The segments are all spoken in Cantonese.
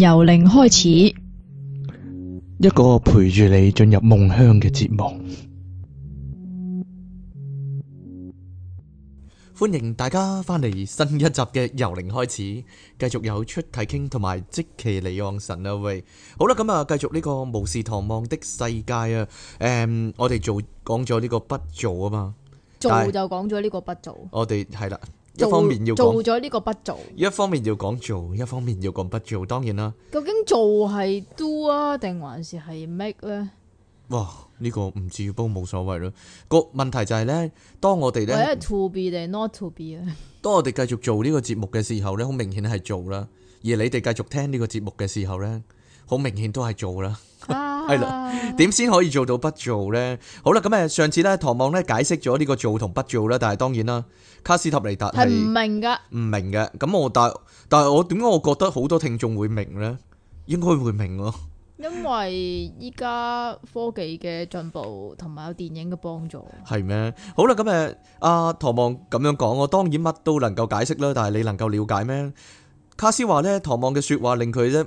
由零開始，一個陪住你進入夢鄉嘅節目，歡迎大家翻嚟新一集嘅由零開始，繼續有出體傾同埋即期離岸神啊喂，好啦咁啊，繼、嗯、續呢個巫士唐望的世界啊，誒、嗯，我哋做講咗呢個不做啊嘛，做就講咗呢個不做，我哋係啦。一方面要講做咗呢個不做，一方面要講做，一方面要講不做。當然啦，究竟做係 do 啊，定還是係 make 咧？哇，呢個唔至於都冇所謂咯。個問題就係咧，當我哋咧，係 to be 定係 not to be 啊？當我哋繼續做呢個節目嘅時候咧，好明顯係做啦。而你哋繼續聽呢個節目嘅時候咧。好明顯都係做啦 了，係啦、啊，點先可以做到不做呢？好啦，咁誒，上次咧，唐望咧解釋咗呢個做同不做啦，但係當然啦，卡斯塔尼達係唔明噶，唔明嘅。咁我但我但係我點解我覺得好多聽眾會明呢？應該會明咯， 因為依家科技嘅進步同埋有電影嘅幫助係咩？好啦，咁、啊、誒，阿唐望咁樣講，我當然乜都能夠解釋啦，但係你能夠了解咩？卡斯話咧，唐望嘅說話令佢咧。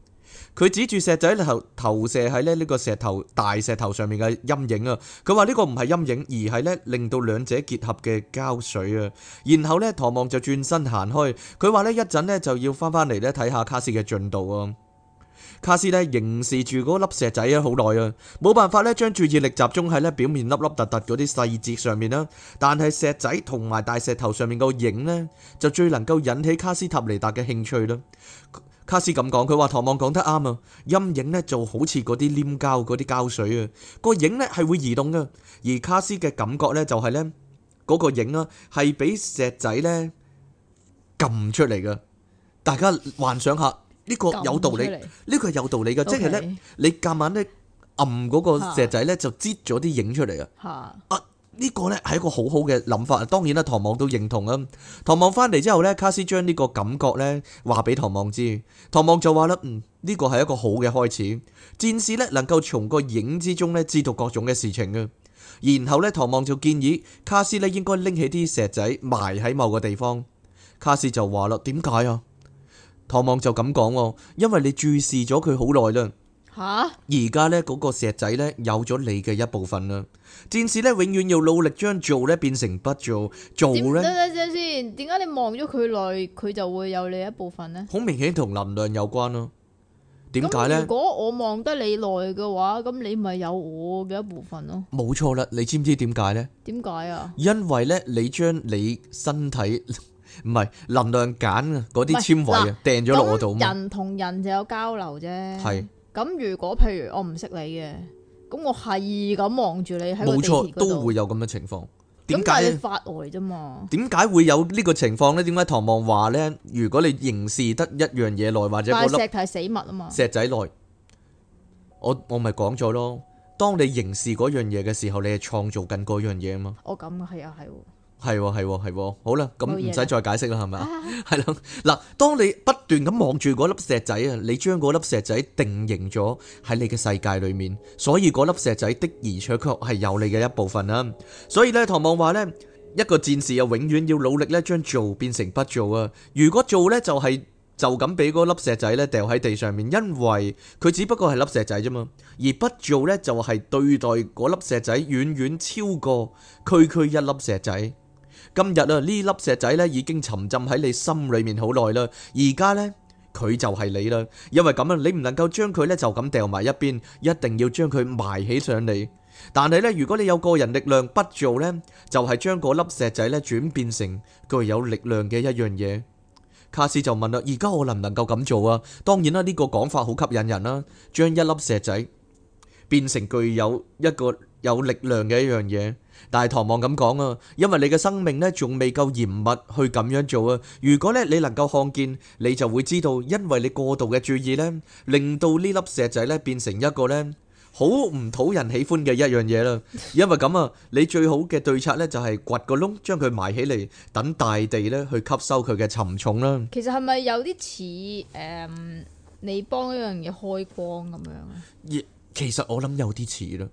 佢指住石仔投投射喺呢呢個石頭大石頭上面嘅陰影啊，佢話呢個唔係陰影，陰影而係呢令到兩者結合嘅膠水啊。然後呢，唐望就轉身行開，佢話呢，一陣呢就要翻返嚟呢睇下卡斯嘅進度啊。卡斯呢，凝視住嗰粒石仔啊，好耐啊，冇辦法呢將注意力集中喺呢表面粒粒突突嗰啲細節上面啦。但係石仔同埋大石頭上面個影呢，就最能夠引起卡斯塔尼達嘅興趣啦。卡斯咁講，佢話唐望講得啱啊！陰影咧就好似嗰啲黏膠嗰啲膠水啊，個影咧係會移動啊。而卡斯嘅感覺咧就係咧，嗰個影啊係俾石仔咧撳出嚟嘅。大家幻想下呢個有道理，呢個係有道理嘅，即係咧你夾硬咧撳嗰個石仔咧就擠咗啲影出嚟啊！呢個咧係一個好好嘅諗法，當然啦，唐望都認同啊。唐望翻嚟之後咧，卡斯將呢個感覺咧話俾唐望知，唐望就話咧，嗯，呢個係一個好嘅開始。戰士咧能夠從個影之中咧知道各種嘅事情啊。然後咧，唐望就建議卡斯咧應該拎起啲石仔埋喺某個地方。卡斯就話啦，點解啊？唐望就咁講，因為你注視咗佢好耐啦。吓，而家呢嗰個石仔呢有咗你嘅一部分啦。戰士呢永遠要努力將做呢變成不做，做呢點先？點解你望咗佢耐，佢就會有你一部分呢？好明顯同能量有關咯。點解呢？如果我望得你耐嘅話，咁你咪有我嘅一部分咯。冇錯啦，你知唔知點解呢？點解啊？因為呢，你將你身體唔係能量揀嘅嗰啲纖維掟咗落我度，人同人就有交流啫。係。咁如果譬如我唔識你嘅，咁我係咁望住你喺冇地錯都會有咁嘅情況。咁但係你發呆啫嘛。點解會有呢個情況咧？點解唐望話咧？如果你凝視得一樣嘢內，或者塊石係死物啊嘛？石仔內，我我咪講咗咯。當你凝視嗰樣嘢嘅時候，你係創造緊嗰樣嘢啊嘛？我咁啊，係啊，係。係喎，係喎，係喎，好啦，咁唔使再解釋啦，係咪啊？係啦，嗱，當你不斷咁望住嗰粒石仔啊，你將嗰粒石仔定型咗喺你嘅世界裏面，所以嗰粒石仔的而且確係有你嘅一部分啦。所以咧，唐望話咧，一個戰士又永遠要努力咧，將做變成不做啊。如果做咧，就係就咁俾嗰粒石仔咧掉喺地上面，因為佢只不過係粒石仔啫嘛。而不做咧，就係對待嗰粒石仔遠遠超過區區一粒石仔。今日啊，呢粒石仔咧已經沉浸喺你心裏面好耐啦，而家呢，佢就係你啦，因為咁樣，你唔能夠將佢咧就咁掉埋一邊，一定要將佢埋起上嚟。但係咧，如果你有個人力量不做呢，就係、是、將個粒石仔咧轉變成具有力量嘅一樣嘢。卡斯就問啦，而家我能唔能夠咁做啊？當然啦、啊，呢、這個講法好吸引人啦、啊，將一粒石仔。變成具有一個有力量嘅一樣嘢，但係唐望咁講啊，因為你嘅生命呢仲未夠嚴密去咁樣做啊。如果呢你能夠看見，你就會知道，因為你過度嘅注意呢，令到呢粒石仔呢變成一個呢好唔討人喜歡嘅一樣嘢啦。因為咁啊，你最好嘅對策呢就係掘個窿，將佢埋起嚟，等大地呢去吸收佢嘅沉重啦。其實係咪有啲似誒，你幫一樣嘢開光咁樣啊？其實我諗有啲似啦，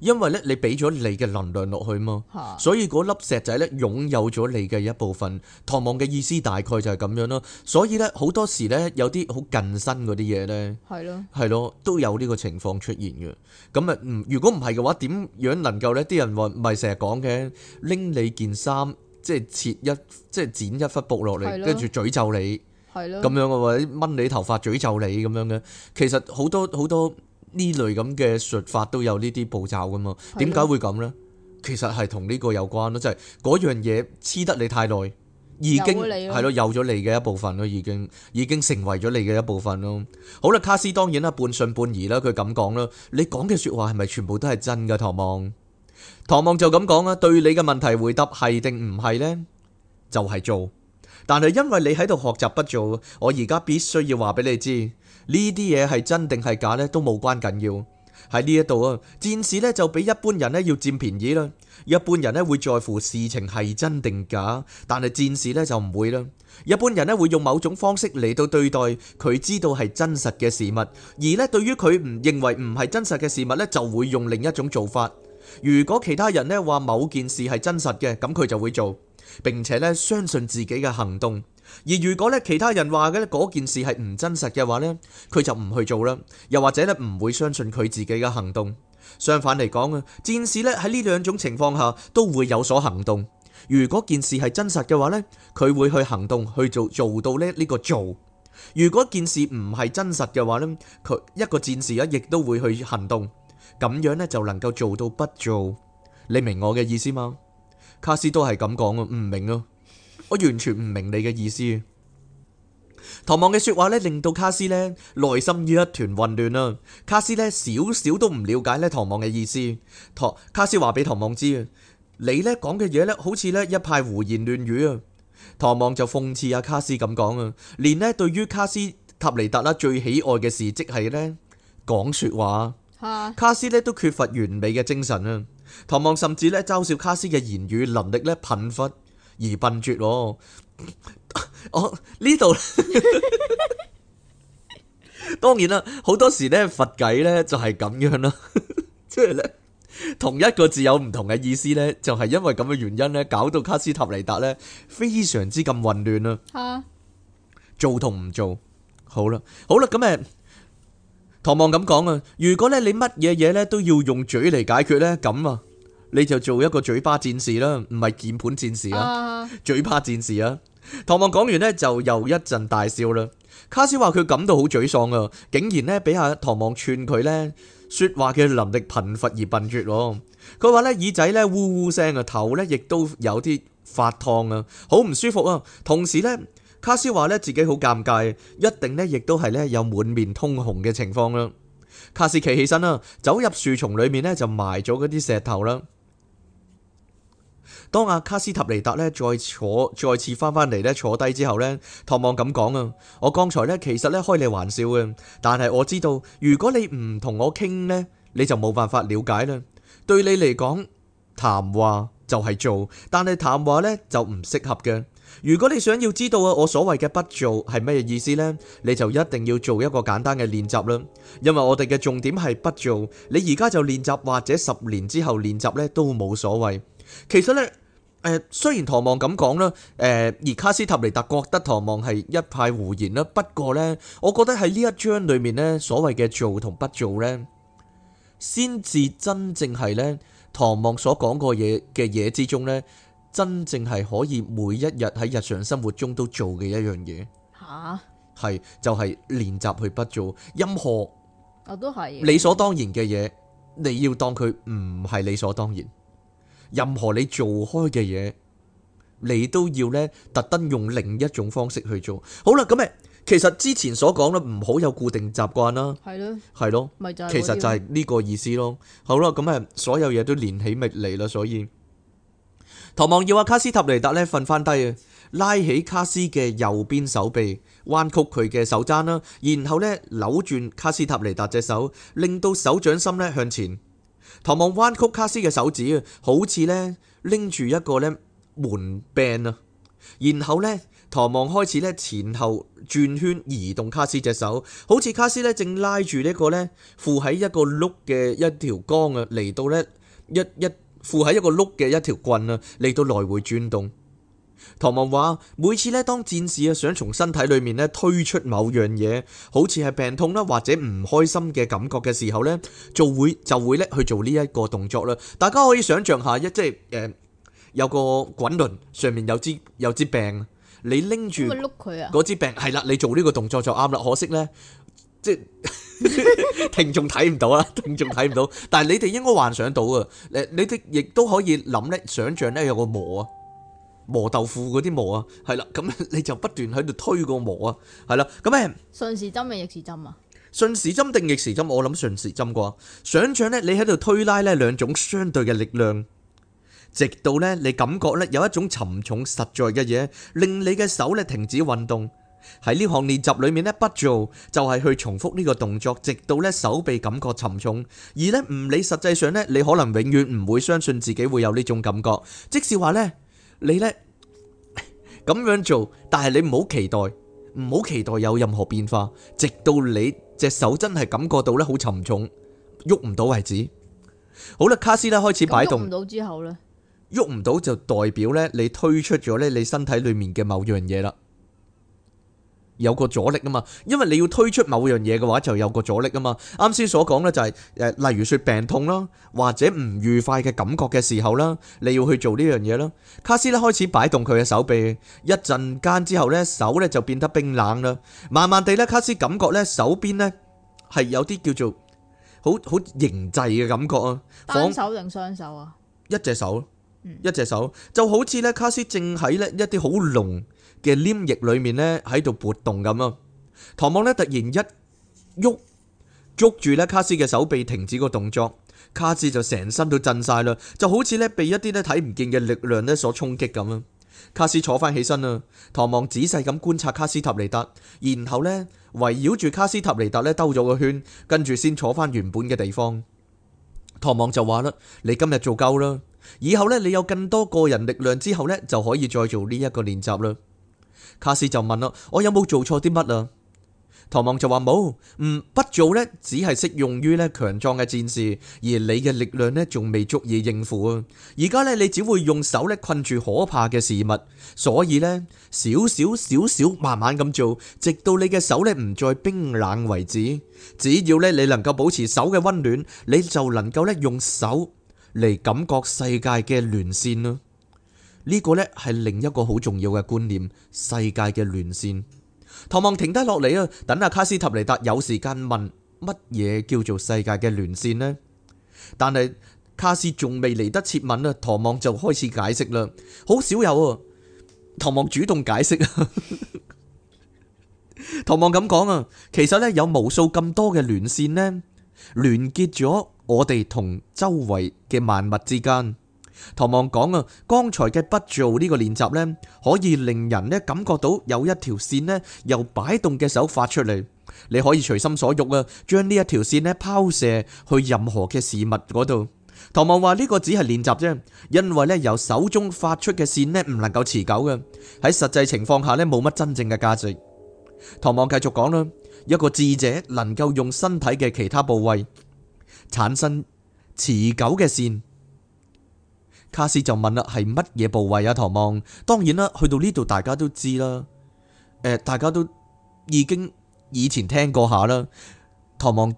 因為咧你俾咗你嘅能量落去嘛，所以嗰粒石仔咧擁有咗你嘅一部分。唐望嘅意思大概就係咁樣咯。所以咧好多時咧有啲好近身嗰啲嘢咧，係咯，係咯，都有呢個情況出現嘅。咁啊，唔如果唔係嘅話，點樣能夠咧？啲人話唔係成日講嘅，拎你件衫即係切一即係剪一忽布落嚟，跟住詛咒你，係咯，咁樣嘅或者掹你頭髮詛咒你咁樣嘅。其實好多好多。呢類咁嘅說法都有呢啲步驟噶嘛？點解會咁呢？其實係同呢個有關咯，即係嗰樣嘢黐得你太耐，已經係咯有咗你嘅一部分咯，已經已經成為咗你嘅一部分咯。好啦，卡斯當然啦，半信半疑啦，佢咁講啦。你講嘅說話係咪全部都係真嘅？唐望，唐望就咁講啦。對你嘅問題回答係定唔係呢？就係做，但係因為你喺度學習不做，我而家必須要話俾你知。呢啲嘢係真定係假呢，都無關緊要。喺呢一度啊，戰士呢就比一般人呢要佔便宜啦。一般人呢會在乎事情係真定假，但係戰士呢就唔會啦。一般人呢會用某種方式嚟到對待佢知道係真實嘅事物，而呢對於佢唔認為唔係真實嘅事物呢就會用另一種做法。如果其他人呢話某件事係真實嘅，咁佢就會做，並且呢相信自己嘅行動。而如果咧其他人話嘅咧嗰件事係唔真實嘅話咧，佢就唔去做啦。又或者咧唔會相信佢自己嘅行動。相反嚟講啊，戰士咧喺呢兩種情況下都會有所行動。如果件事係真實嘅話咧，佢會去行動去做做到咧呢個做。如果件事唔係真實嘅話咧，佢一個戰士啊亦都會去行動。咁樣咧就能夠做到不做。你明我嘅意思嗎？卡斯都係咁講啊，唔明啊。我完全唔明你嘅意思。唐望嘅說話咧，令到卡斯咧內心有一團混亂啦。卡斯咧少少都唔了解呢唐望嘅意思。唐卡斯話俾唐望知啊，你呢講嘅嘢咧，好似呢一派胡言亂語啊。唐望就諷刺阿卡斯咁講啊，連咧對於卡斯塔尼達啦最喜愛嘅事，即係呢講說話。啊、卡斯咧都缺乏完美嘅精神啊。唐望甚至呢嘲笑卡斯嘅言語能力呢貧乏。而笨絕我、哦，呢、哦、度 當然啦，好多時咧佛偈咧就係咁樣啦，即係咧同一個字有唔同嘅意思咧，就係因為咁嘅原因咧，搞到卡斯塔尼達咧非常之咁混亂啊。 做同唔做，好啦，好啦，咁誒，唐望咁講啊，如果咧你乜嘢嘢咧都要用嘴嚟解決咧，咁啊。你就做一個嘴巴戰士啦，唔係鍵盤戰士啊，嘴巴戰士啊。唐望講完呢，就又一陣大笑啦。卡斯話佢感到好沮喪啊，竟然呢俾阿唐望串佢呢說話嘅能力貧乏而笨拙咯。佢話呢耳仔呢，嗚嗚聲啊，頭呢，亦都有啲發燙啊，好唔舒服啊。同時呢，卡斯話呢自己好尷尬，一定呢亦都係呢有滿面通紅嘅情況啦。卡斯企起身啦，走入樹叢裏面呢，就埋咗嗰啲石頭啦。當阿卡斯塔尼達咧再坐，再次翻返嚟咧坐低之後咧，唐望咁講啊，我剛才咧其實咧開你玩笑嘅，但係我知道如果你唔同我傾咧，你就冇辦法了解啦。對你嚟講，談話就係做，但係談話咧就唔適合嘅。如果你想要知道啊，我所謂嘅不做係咩意思咧，你就一定要做一個簡單嘅練習啦。因為我哋嘅重點係不做，你而家就練習或者十年之後練習咧都冇所謂。其實咧，誒，雖然唐望咁講啦，誒，而卡斯塔尼達覺得唐望係一派胡言啦。不過呢，我覺得喺呢一章裏面呢，所謂嘅做同不做呢，先至真正係呢唐望所講過嘢嘅嘢之中呢，真正係可以每一日喺日常生活中都做嘅一樣嘢。吓、啊，係就係練習去不做，任何理所當然嘅嘢，你要當佢唔係理所當然。任何你做開嘅嘢，你都要咧特登用另一種方式去做。好啦，咁誒，其實之前所講咧唔好有固定習慣啦，係咯的，係咯的，咪就係，其實就係呢個意思咯。好啦，咁誒，所有嘢都連起咪嚟啦，所以，唐望要阿卡斯塔尼達咧瞓翻低啊，拉起卡斯嘅右邊手臂，彎曲佢嘅手踭啦，然後咧扭轉卡斯塔尼達隻手，令到手掌心咧向前。唐望彎曲卡斯嘅手指，好似咧拎住一個咧門柄啊，然後咧唐望開始咧前後轉圈移動卡斯隻手，好似卡斯咧正拉住呢一個咧附喺一個碌嘅一條鋼啊，嚟到咧一一附喺一個碌嘅一條棍啊，嚟到來回轉動。唐文話：每次咧，當戰士啊想從身體裏面咧推出某樣嘢，好似係病痛啦，或者唔開心嘅感覺嘅時候咧，就會就會咧去做呢一個動作啦。大家可以想象下一，即係誒，有個滾輪上面有支有支病，你拎住，咪碌佢啊！嗰支病係啦，你做呢個動作就啱啦。可惜咧，即係聽眾睇唔到啦，聽眾睇唔到。但係你哋應該幻想到啊，誒，你哋亦都可以諗咧，想象咧有個磨啊。磨豆腐嗰啲磨啊，係啦，咁你就不斷喺度推個磨啊，係啦，咁咩？順時針定逆時針啊？順時針定逆時針，我諗順時針啩。想象咧，你喺度推拉咧，兩種相對嘅力量，直到咧你感覺咧有一種沉重實在嘅嘢令你嘅手咧停止運動。喺呢項練習裏面咧，不做就係去重複呢個動作，直到咧手臂感覺沉重。而咧唔理實際上咧，你可能永遠唔會相信自己會有呢種感覺，即是話咧。你咧咁樣做，但係你唔好期待，唔好期待有任何變化，直到你隻手真係感覺到咧好沉重，喐唔到為止。好啦，卡斯咧開始擺動，喐唔到之後咧，喐唔到就代表咧你推出咗咧你身體裏面嘅某樣嘢啦。有個阻力啊嘛，因為你要推出某樣嘢嘅話，就有個阻力啊嘛。啱先所講咧就係誒，例如説病痛啦，或者唔愉快嘅感覺嘅時候啦，你要去做呢樣嘢啦。卡斯咧開始擺動佢嘅手臂，一陣間之後咧，手咧就變得冰冷啦。慢慢地咧，卡斯感覺咧手邊咧係有啲叫做好好凝滯嘅感覺啊。單手定雙手啊？一隻手，一隻手就好似咧卡斯正喺咧一啲好濃嘅黏液裏面咧喺度活動咁啊！唐望咧突然一喐捉住咧卡斯嘅手臂，停止個動作。卡斯就成身都震晒啦，就好似咧被一啲咧睇唔見嘅力量咧所衝擊咁啊！卡斯坐翻起身啦，唐望仔細咁觀察卡斯塔尼達，然後咧圍繞住卡斯塔尼達咧兜咗個圈，跟住先坐翻原本嘅地方。唐望就話啦：你今日做夠啦，以後咧你有更多個人力量之後咧，就可以再做呢一個練習啦。卡斯就問啦：我有冇做錯啲乜啊？唐望就話冇，唔、嗯、不做咧，只係適用於咧強壯嘅戰士，而你嘅力量咧仲未足以應付。而家咧你只會用手咧困住可怕嘅事物，所以咧少少少少慢慢咁做，直到你嘅手咧唔再冰冷為止。只要咧你能夠保持手嘅温暖，你就能夠咧用手嚟感覺世界嘅連線啦。呢個咧係另一個好重要嘅觀念，世界嘅連線。唐望停低落嚟啊，等阿卡斯塔尼達有時間問乜嘢叫做世界嘅連線呢？但係卡斯仲未嚟得切問啊，唐望就開始解釋啦。好少有啊，唐望主動解釋啊。唐望咁講啊，其實咧有無數咁多嘅連線咧，聯結咗我哋同周圍嘅萬物之間。唐望講啊，剛才嘅「不做」呢個練習呢，可以令人咧感覺到有一條線呢，由擺動嘅手發出嚟，你可以隨心所欲啊，將呢一條線咧拋射去任何嘅事物嗰度。唐望話呢個只係練習啫，因為呢由手中發出嘅線呢唔能夠持久嘅，喺實際情況下呢，冇乜真正嘅價值。唐望繼續講啦，一個智者能夠用身體嘅其他部位產生持久嘅線。卡斯就問啦，係乜嘢部位啊？唐望，當然啦，去到呢度大家都知啦。誒，大家都已經以前聽過下啦。唐望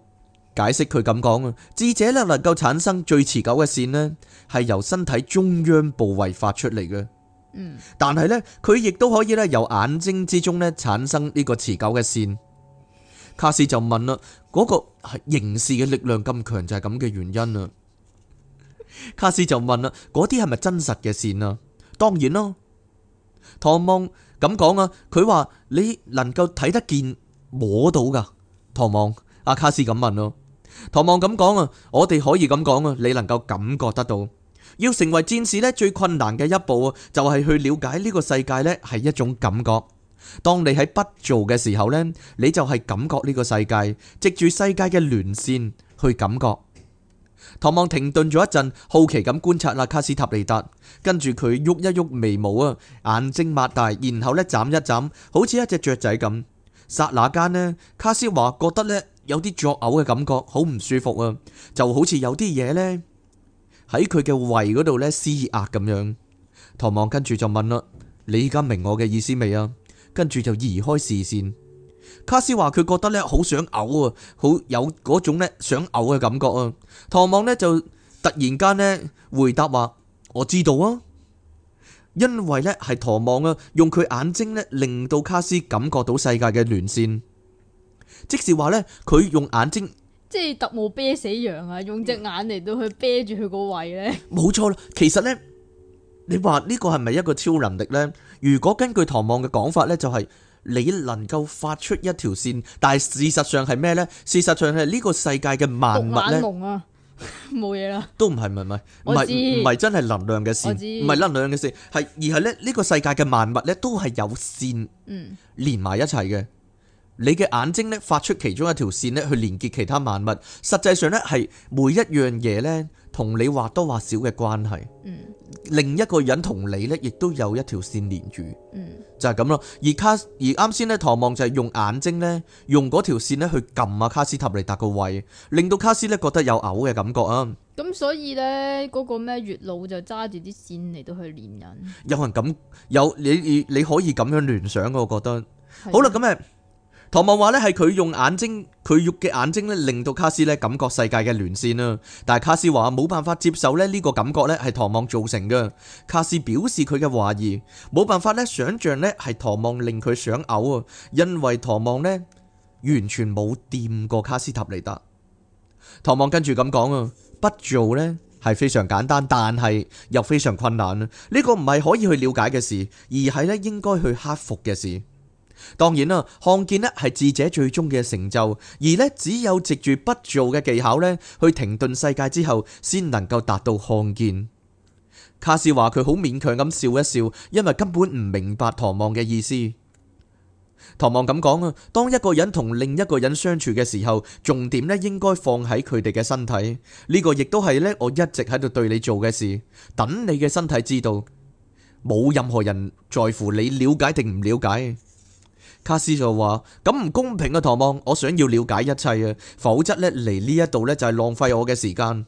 解釋佢咁講啊，智者咧能夠產生最持久嘅線咧，係由身體中央部位發出嚟嘅。嗯。但係咧，佢亦都可以咧由眼睛之中咧產生呢個持久嘅線。卡斯就問啦，嗰個係凝視嘅力量咁強，就係咁嘅原因啊？卡斯就問啦，嗰啲係咪真實嘅線啊？當然咯，唐望咁講啊。佢話你能夠睇得見、摸到噶。唐望阿卡斯咁問咯，唐望咁講啊，我哋可以咁講啊。你能夠感覺得到，要成為戰士咧，最困難嘅一步啊，就係去了解呢個世界咧，係一種感覺。當你喺不做嘅時候咧，你就係感覺呢個世界，藉住世界嘅聯線去感覺。唐望停頓咗一陣，好奇咁觀察啦卡斯塔利達，跟住佢喐一喐眉毛啊，眼睛擘大，然後咧眨一眨，好似一隻雀仔咁。剎那間呢，卡斯話覺得咧有啲作嘔嘅感覺，好唔舒服啊，就好似有啲嘢咧喺佢嘅胃嗰度咧施壓咁樣。唐望跟住就問啦：你依家明我嘅意思未啊？跟住就移開視線。卡斯話佢覺得咧好想嘔啊，好有嗰種咧想嘔嘅感覺啊。唐望呢就突然間呢回答話：我知道啊，因為呢係唐望啊，用佢眼睛呢令到卡斯感覺到世界嘅連線，即係話呢，佢用眼睛，即係特務啤死羊啊，用隻眼嚟到去啤住佢個胃呢，冇錯啦，其實呢，你話呢個係咪一個超能力呢？如果根據唐望嘅講法呢，就係、是。你能夠發出一條線，但係事實上係咩呢？事實上係呢、這個世界嘅萬物呢，冇嘢啦， 了都唔係唔係唔係唔係真係能量嘅線，唔係能量嘅線，係而係咧呢個世界嘅萬物呢，都係有線連埋一齊嘅。嗯、你嘅眼睛呢，發出其中一條線咧去連結其他萬物，實際上呢，係每一樣嘢呢。同你或多或少嘅關係，嗯，另一個人同你呢亦都有一條線連住，嗯，就係咁咯。而卡而啱先呢，唐望就係用眼睛呢，用嗰條線呢去撳啊卡斯塔尼達個胃，令到卡斯呢覺得有嘔嘅感覺啊。咁、嗯、所以呢，嗰、那個咩月老就揸住啲線嚟到去連人，有人咁有你你你可以咁樣聯想，我覺得的好啦，咁誒、就是。唐望話咧係佢用眼睛，佢肉嘅眼睛咧，令到卡斯咧感覺世界嘅亂線啊。但係卡斯話冇辦法接受咧，呢個感覺咧係唐望造成嘅。卡斯表示佢嘅懷疑，冇辦法咧想象咧係唐望令佢想嘔啊，因為唐望咧完全冇掂過卡斯塔尼達。唐望跟住咁講啊，不做咧係非常簡單，但係又非常困難啦。呢個唔係可以去了解嘅事，而係咧應該去克服嘅事。當然啦，看見咧係智者最終嘅成就，而咧只有藉住不做嘅技巧咧去停頓世界之後，先能夠達到看見。卡斯話佢好勉強咁笑一笑，因為根本唔明白唐望嘅意思。唐望咁講啊，當一個人同另一個人相處嘅時候，重點咧應該放喺佢哋嘅身體。呢個亦都係咧我一直喺度對你做嘅事，等你嘅身體知道，冇任何人在乎你了解定唔了解。卡斯就話：咁唔公平啊！唐望，我想要了解一切啊，否則呢嚟呢一度呢，就係浪費我嘅時間。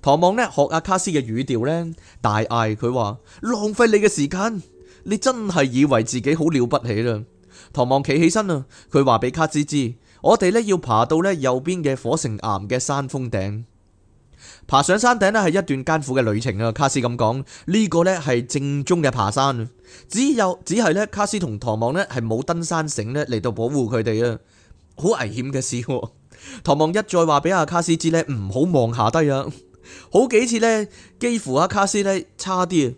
唐望呢學阿、啊、卡斯嘅語調呢，大嗌：佢話浪費你嘅時間，你真係以為自己好了不起啦！唐望企起身啊，佢話俾卡斯知：我哋呢要爬到呢右邊嘅火成岩嘅山峰頂。爬上山頂呢係一段艱苦嘅旅程啊！卡斯咁講，呢個呢係正宗嘅爬山。只有只係咧，卡斯同唐望呢係冇登山繩咧嚟到保護佢哋啊，好危險嘅事。唐望一再話俾阿卡斯知咧，唔好望下低啊，好幾次咧，幾乎阿卡斯咧差啲啊，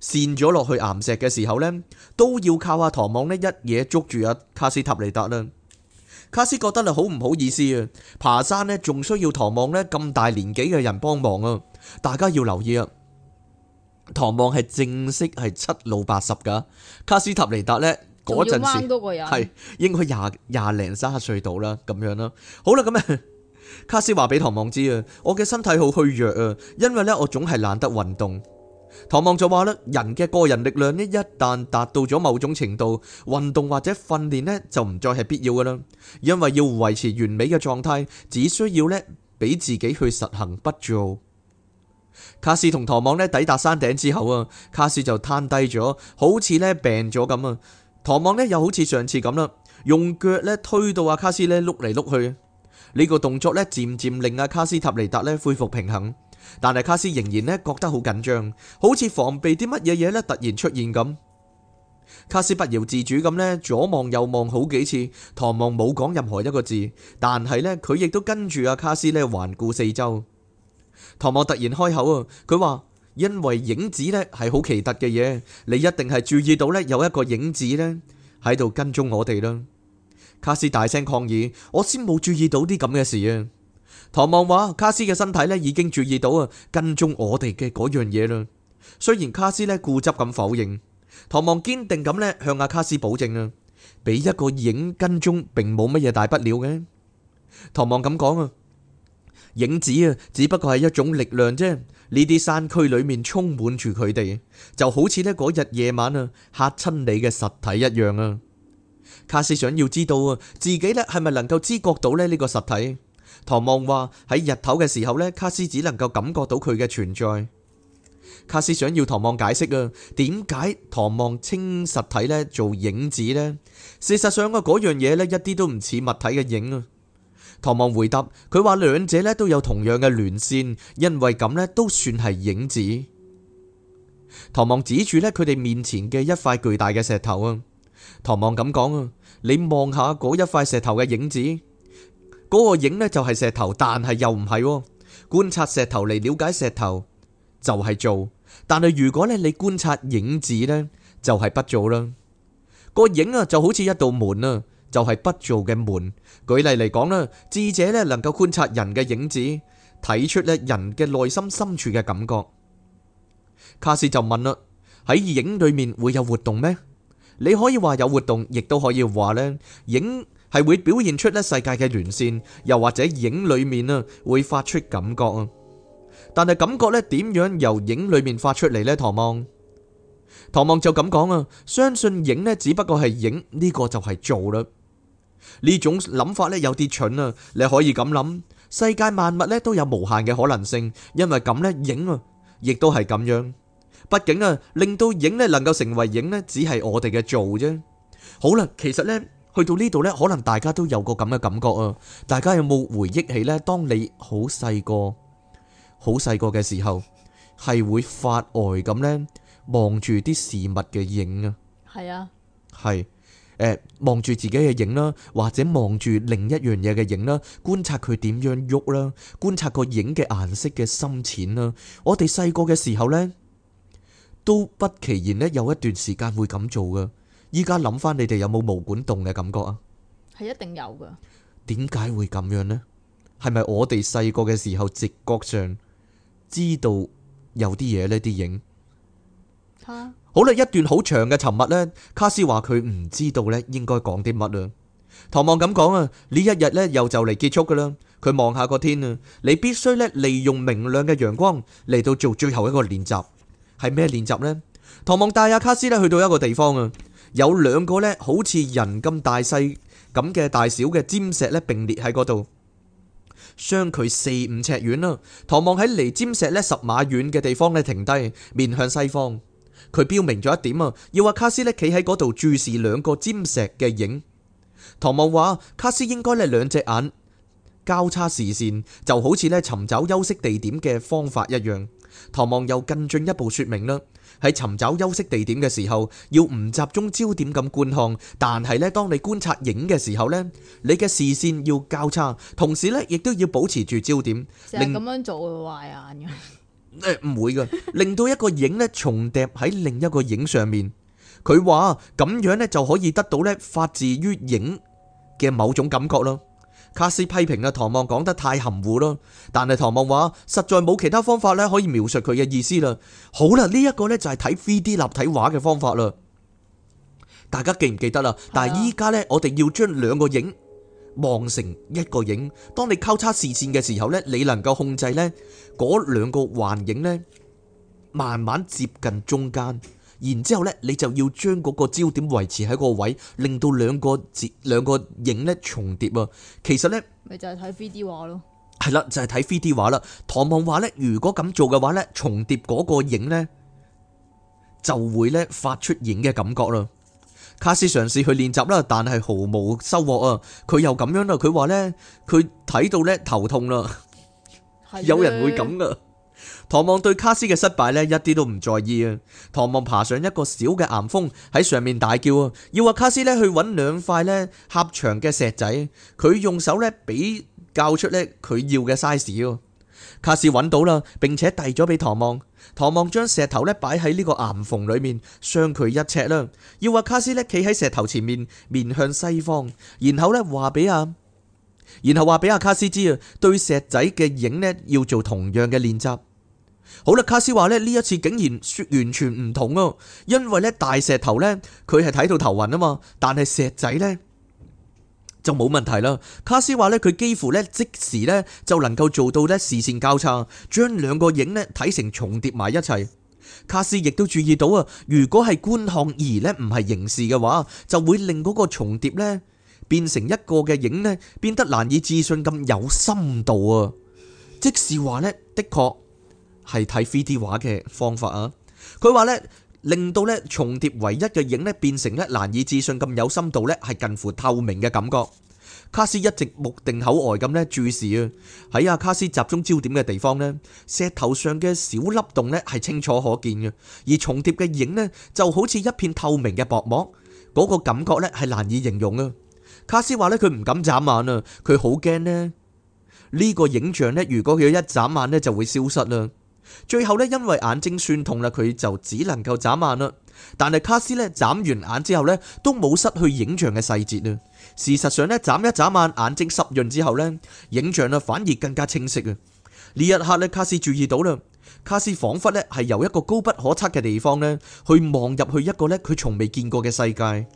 跣咗落去岩石嘅時候咧，都要靠阿唐望呢一嘢，捉住阿卡斯塔尼達啦。卡斯覺得咧好唔好意思啊，爬山咧仲需要唐望咧咁大年紀嘅人幫忙啊，大家要留意啊！唐望係正式係七老八十噶，卡斯塔尼達咧嗰陣時係應該廿廿零卅歲度啦，咁樣啦。好啦，咁啊，卡斯話俾唐望知啊，我嘅身體好虛弱啊，因為咧我總係懶得運動。唐望就話咧，人嘅個人力量咧，一旦達到咗某種程度，運動或者訓練咧就唔再係必要噶啦，因為要維持完美嘅狀態，只需要咧俾自己去實行不做。卡斯同唐望呢，抵達山頂之後啊，卡斯就攤低咗，好似呢病咗咁啊。唐望呢又好似上次咁啦，用腳呢推到阿卡斯呢碌嚟碌去，呢、這個動作呢，漸漸令阿卡斯塔尼達呢恢復平衡，但係卡斯仍然呢覺得好緊張，好似防備啲乜嘢嘢呢突然出現咁。卡斯不由自主咁呢，左望右望好幾次，唐望冇講任何一個字，但係呢，佢亦都跟住阿卡斯呢環顧四周。唐望突然開口啊，佢話因為影子咧，係好奇特嘅嘢，你一定係注意到咧，有一個影子咧喺度跟蹤我哋啦。卡斯大聲抗議，我先冇注意到啲咁嘅事啊。唐望話：卡斯嘅身體咧，已經注意到啊，跟蹤我哋嘅嗰樣嘢啦。雖然卡斯咧固執咁否認，唐望堅定咁咧向阿卡斯保證啊，俾一個影跟蹤並冇乜嘢大不了嘅。唐望咁講啊。影子啊，只不過係一種力量啫。呢啲山區裏面充滿住佢哋，就好似呢嗰日夜晚啊嚇親你嘅實體一樣啊。卡斯想要知道啊，自己呢係咪能夠知覺到咧呢個實體？唐望話喺日頭嘅時候呢，卡斯只能夠感覺到佢嘅存在。卡斯想要唐望解釋啊，點解唐望稱實體呢做影子呢？事實上啊，嗰樣嘢呢，一啲都唔似物體嘅影啊。唐望回答：佢話兩者咧都有同樣嘅連線，因為咁咧都算係影子。唐望指住咧佢哋面前嘅一塊巨大嘅石頭啊。唐望咁講啊，你望下嗰一塊石頭嘅影子，嗰個影呢就係石頭，但係又唔係。觀察石頭嚟了解石頭就係做，但係如果咧你觀察影子呢就係不做啦。個影啊就好似一道門啊，就係不做嘅門。舉例嚟講啦，智者咧能夠觀察人嘅影子，睇出咧人嘅內心深處嘅感覺。卡斯就問啦：喺影裏面會有活動咩？你可以話有活動，亦都可以話咧影係會表現出咧世界嘅連線，又或者影裏面啊會發出感覺啊。但係感覺咧點樣由影裏面發出嚟呢？唐望，唐望就咁講啊，相信影呢只不過係影呢個就係做嘞。呢種諗法咧有啲蠢啊！你可以咁諗，世界萬物咧都有無限嘅可能性，因為咁咧影啊，亦都係咁樣。畢竟啊，令到影咧能夠成為影咧，只係我哋嘅做啫。好啦，其實咧去到呢度咧，可能大家都有個咁嘅感覺啊。大家有冇回憶起咧？當你好細個、好細個嘅時候，係會發呆咁咧望住啲事物嘅影啊。係啊，係。望住自己嘅影啦，或者望住另一樣嘢嘅影啦，觀察佢點樣喐啦，觀察個影嘅顏色嘅深淺啦。我哋細個嘅時候呢，都不其然咧有一段時間會咁做噶。依家諗翻你哋有冇毛管動嘅感覺啊？係一定有噶。點解會咁樣呢？係咪我哋細個嘅時候直覺上知道有啲嘢呢啲影？吓。好啦，一段好長嘅沉默咧。卡斯話佢唔知道咧，應該講啲乜啊？唐望咁講啊，呢一日咧又就嚟結束噶啦。佢望下個天啊，你必須咧利用明亮嘅陽光嚟到做最後一個練習，係咩練習咧？唐望帶阿卡斯咧去到一個地方啊，有兩個咧好似人咁大細咁嘅大小嘅尖石咧，並列喺嗰度，相距四五尺遠啦。唐望喺離尖石咧十碼遠嘅地方咧停低，面向西方。佢標明咗一點啊，要話卡斯咧企喺嗰度注視兩個尖石嘅影。唐望話卡斯應該咧兩隻眼交叉視線，就好似咧尋找休息地點嘅方法一樣。唐望又更進一步說明啦，喺尋找休息地點嘅時候，要唔集中焦點咁觀看。但係咧當你觀察影嘅時候咧，你嘅視線要交叉，同時咧亦都要保持住焦點。成日咁樣做會壞眼嘅。誒，唔會嘅，令到一個影咧重疊喺另一個影上面。佢話咁樣咧就可以得到咧發自於影嘅某種感覺咯。卡斯批評啊，唐望講得太含糊咯。但係唐望話實在冇其他方法咧可以描述佢嘅意思啦。好啦，呢一個咧就係睇 3D 立體畫嘅方法啦。大家記唔記得啦？但係依家咧，我哋要將兩個影。望成一個影，當你交叉視線嘅時候咧，你能夠控制咧嗰兩個幻影咧，慢慢接近中間，然之後咧，你就要將嗰個焦點維持喺個位，令到兩個字兩個影咧重疊啊。其實咧，咪就係睇 3D 畫咯，係啦，就係睇 3D 畫啦。唐望話咧，如果咁做嘅話咧，重疊嗰個影咧就會咧發出影嘅感覺咯。卡斯嘗試去練習啦，但係毫無收穫啊！佢又咁樣啦，佢話咧，佢睇到咧頭痛啦，有人會咁噶。 唐望對卡斯嘅失敗咧一啲都唔在意啊！唐望爬上一個小嘅岩峰喺上面大叫啊，要話卡斯咧去揾兩塊咧狹長嘅石仔，佢用手咧比較出咧佢要嘅 size。啊。卡斯揾到啦，並且遞咗俾唐望。唐望將石頭咧擺喺呢個岩縫裏面，相距一尺啦。要話卡斯咧企喺石頭前面，面向西方，然後咧話俾阿，然後話俾阿卡斯知啊，對石仔嘅影咧要做同樣嘅練習。好啦，卡斯話咧呢一次竟然說完全唔同啊，因為咧大石頭咧佢係睇到頭暈啊嘛，但係石仔咧。就冇問題啦。卡斯話咧，佢幾乎咧即時咧就能夠做到咧視線交叉，將兩個影咧睇成重疊埋一齊。卡斯亦都注意到啊，如果係觀看而咧唔係凝視嘅話，就會令嗰個重疊咧變成一個嘅影咧變得難以置信咁有深度啊。即是話咧，的確係睇 3D 畫嘅方法啊。佢話咧。令到咧重疊唯一嘅影咧變成咧難以置信咁有深度咧係近乎透明嘅感覺。卡斯一直目定口呆咁咧注視啊，喺阿卡斯集中焦點嘅地方咧，石頭上嘅小凹洞咧係清楚可見嘅，而重疊嘅影咧就好似一片透明嘅薄膜，嗰個感覺咧係難以形容啊。卡斯話咧佢唔敢眨眼啊，佢好驚咧呢個影像咧如果佢一眨眼咧就會消失啦。最後咧，因為眼睛酸痛啦，佢就只能夠眨眼啦。但係卡斯咧眨完眼之後咧，都冇失去影像嘅細節啦。事實上咧，眨一眨眼，眼睛濕潤之後咧，影像咧反而更加清晰啊！呢一刻咧，卡斯注意到啦，卡斯仿佛咧係由一個高不可測嘅地方咧去望入去一個咧佢從未見過嘅世界。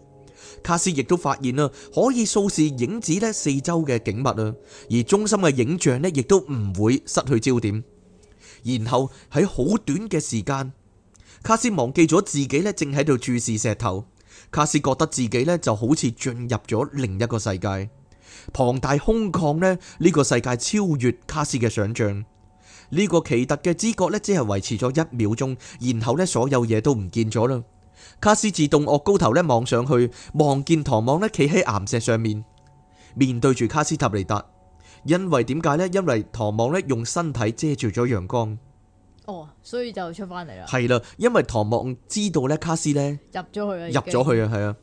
卡斯亦都發現啦，可以掃視影子咧四周嘅景物啦，而中心嘅影像咧亦都唔會失去焦點。然後喺好短嘅時間，卡斯忘記咗自己呢正喺度注視石頭。卡斯覺得自己呢就好似進入咗另一個世界，龐大空曠呢，呢個世界超越卡斯嘅想象。呢、呢個奇特嘅知覺呢，只係維持咗一秒鐘，然後呢，所有嘢都唔見咗啦。卡斯自動惡高頭呢，望上去，望見唐望呢企喺岩石上面，面對住卡斯塔尼達。因為點解呢？因為唐望咧用身體遮住咗陽光，哦，所以就出翻嚟啦。係啦，因為唐望知道咧，卡斯咧入咗去啦，入咗去啊，係啊。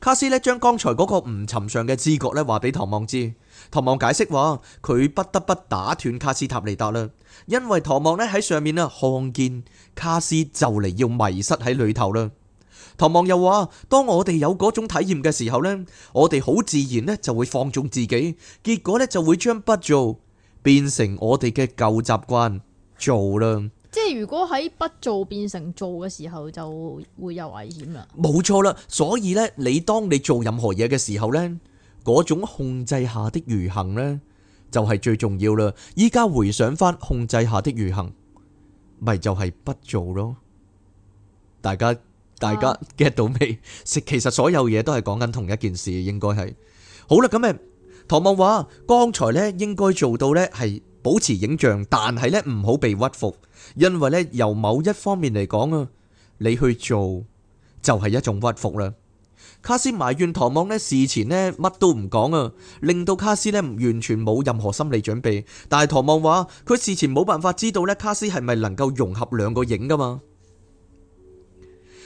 卡斯咧將剛才嗰個唔尋常嘅知覺咧話俾唐望知，唐望解釋話佢不得不打斷卡斯塔尼達啦，因為唐望咧喺上面咧看見卡斯就嚟要迷失喺裏頭啦。唐望又話：當我哋有嗰種體驗嘅時候呢，我哋好自然呢就會放縱自己，結果呢就會將不做變成我哋嘅舊習慣做啦。即係如果喺不做變成做嘅時候，就會有危險啦。冇錯啦，所以呢，你當你做任何嘢嘅時候呢，嗰種控制下的余行呢，就係最重要啦。依家回想翻控制下的余行，咪就係不做咯。大家。大家 get 到未？食其實所有嘢都係講緊同一件事，應該係好啦。咁咪唐望話，剛才咧應該做到咧係保持影像，但係咧唔好被屈服，因為咧由某一方面嚟講啊，你去做就係一種屈服啦。卡斯埋怨唐望呢事前呢乜都唔講啊，令到卡斯呢完全冇任何心理準備。但係唐望話佢事前冇辦法知道咧卡斯係咪能夠融合兩個影噶嘛。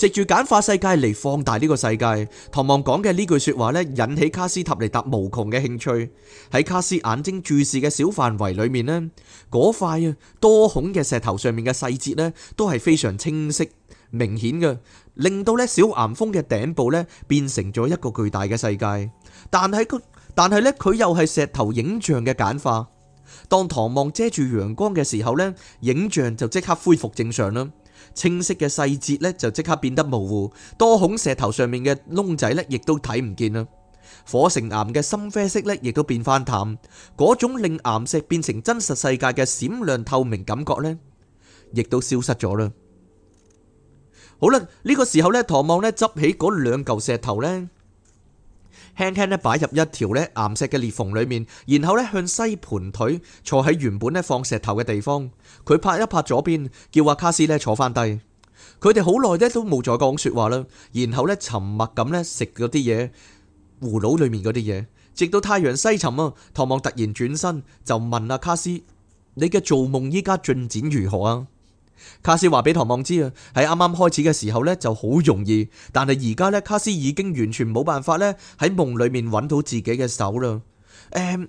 藉住簡化世界嚟放大呢個世界，唐望講嘅呢句說話咧，引起卡斯塔尼達無窮嘅興趣。喺卡斯眼睛注視嘅小範圍裏面咧，嗰塊啊多孔嘅石頭上面嘅細節咧，都係非常清晰明顯嘅，令到咧小岩峰嘅頂部咧變成咗一個巨大嘅世界。但係但係咧，佢又係石頭影像嘅簡化。當唐望遮住陽光嘅時候咧，影像就即刻恢復正常啦。清晰嘅細節呢，就即刻變得模糊，多孔石頭上面嘅窿仔呢，亦都睇唔見啦。火成岩嘅深啡色呢，亦都變翻淡，嗰種令岩石變成真實世界嘅閃亮透明感覺呢，亦都消失咗啦。好啦，呢、呢個時候呢，唐望呢執起嗰兩嚿石頭呢。輕輕咧擺入一條咧岩石嘅裂縫裏面，然後咧向西盤腿坐喺原本咧放石頭嘅地方。佢拍一拍左邊，叫阿卡斯咧坐翻低。佢哋好耐咧都冇再講說話啦，然後咧沉默咁咧食嗰啲嘢，葫蘆裏面嗰啲嘢，直到太陽西沉啊。唐望突然轉身就問阿卡斯：你嘅造夢依家進展如何啊？卡斯話俾唐望知啊，喺啱啱開始嘅時候呢就好容易，但係而家呢，卡斯已經完全冇辦法呢喺夢裏面揾到自己嘅手啦。誒、嗯，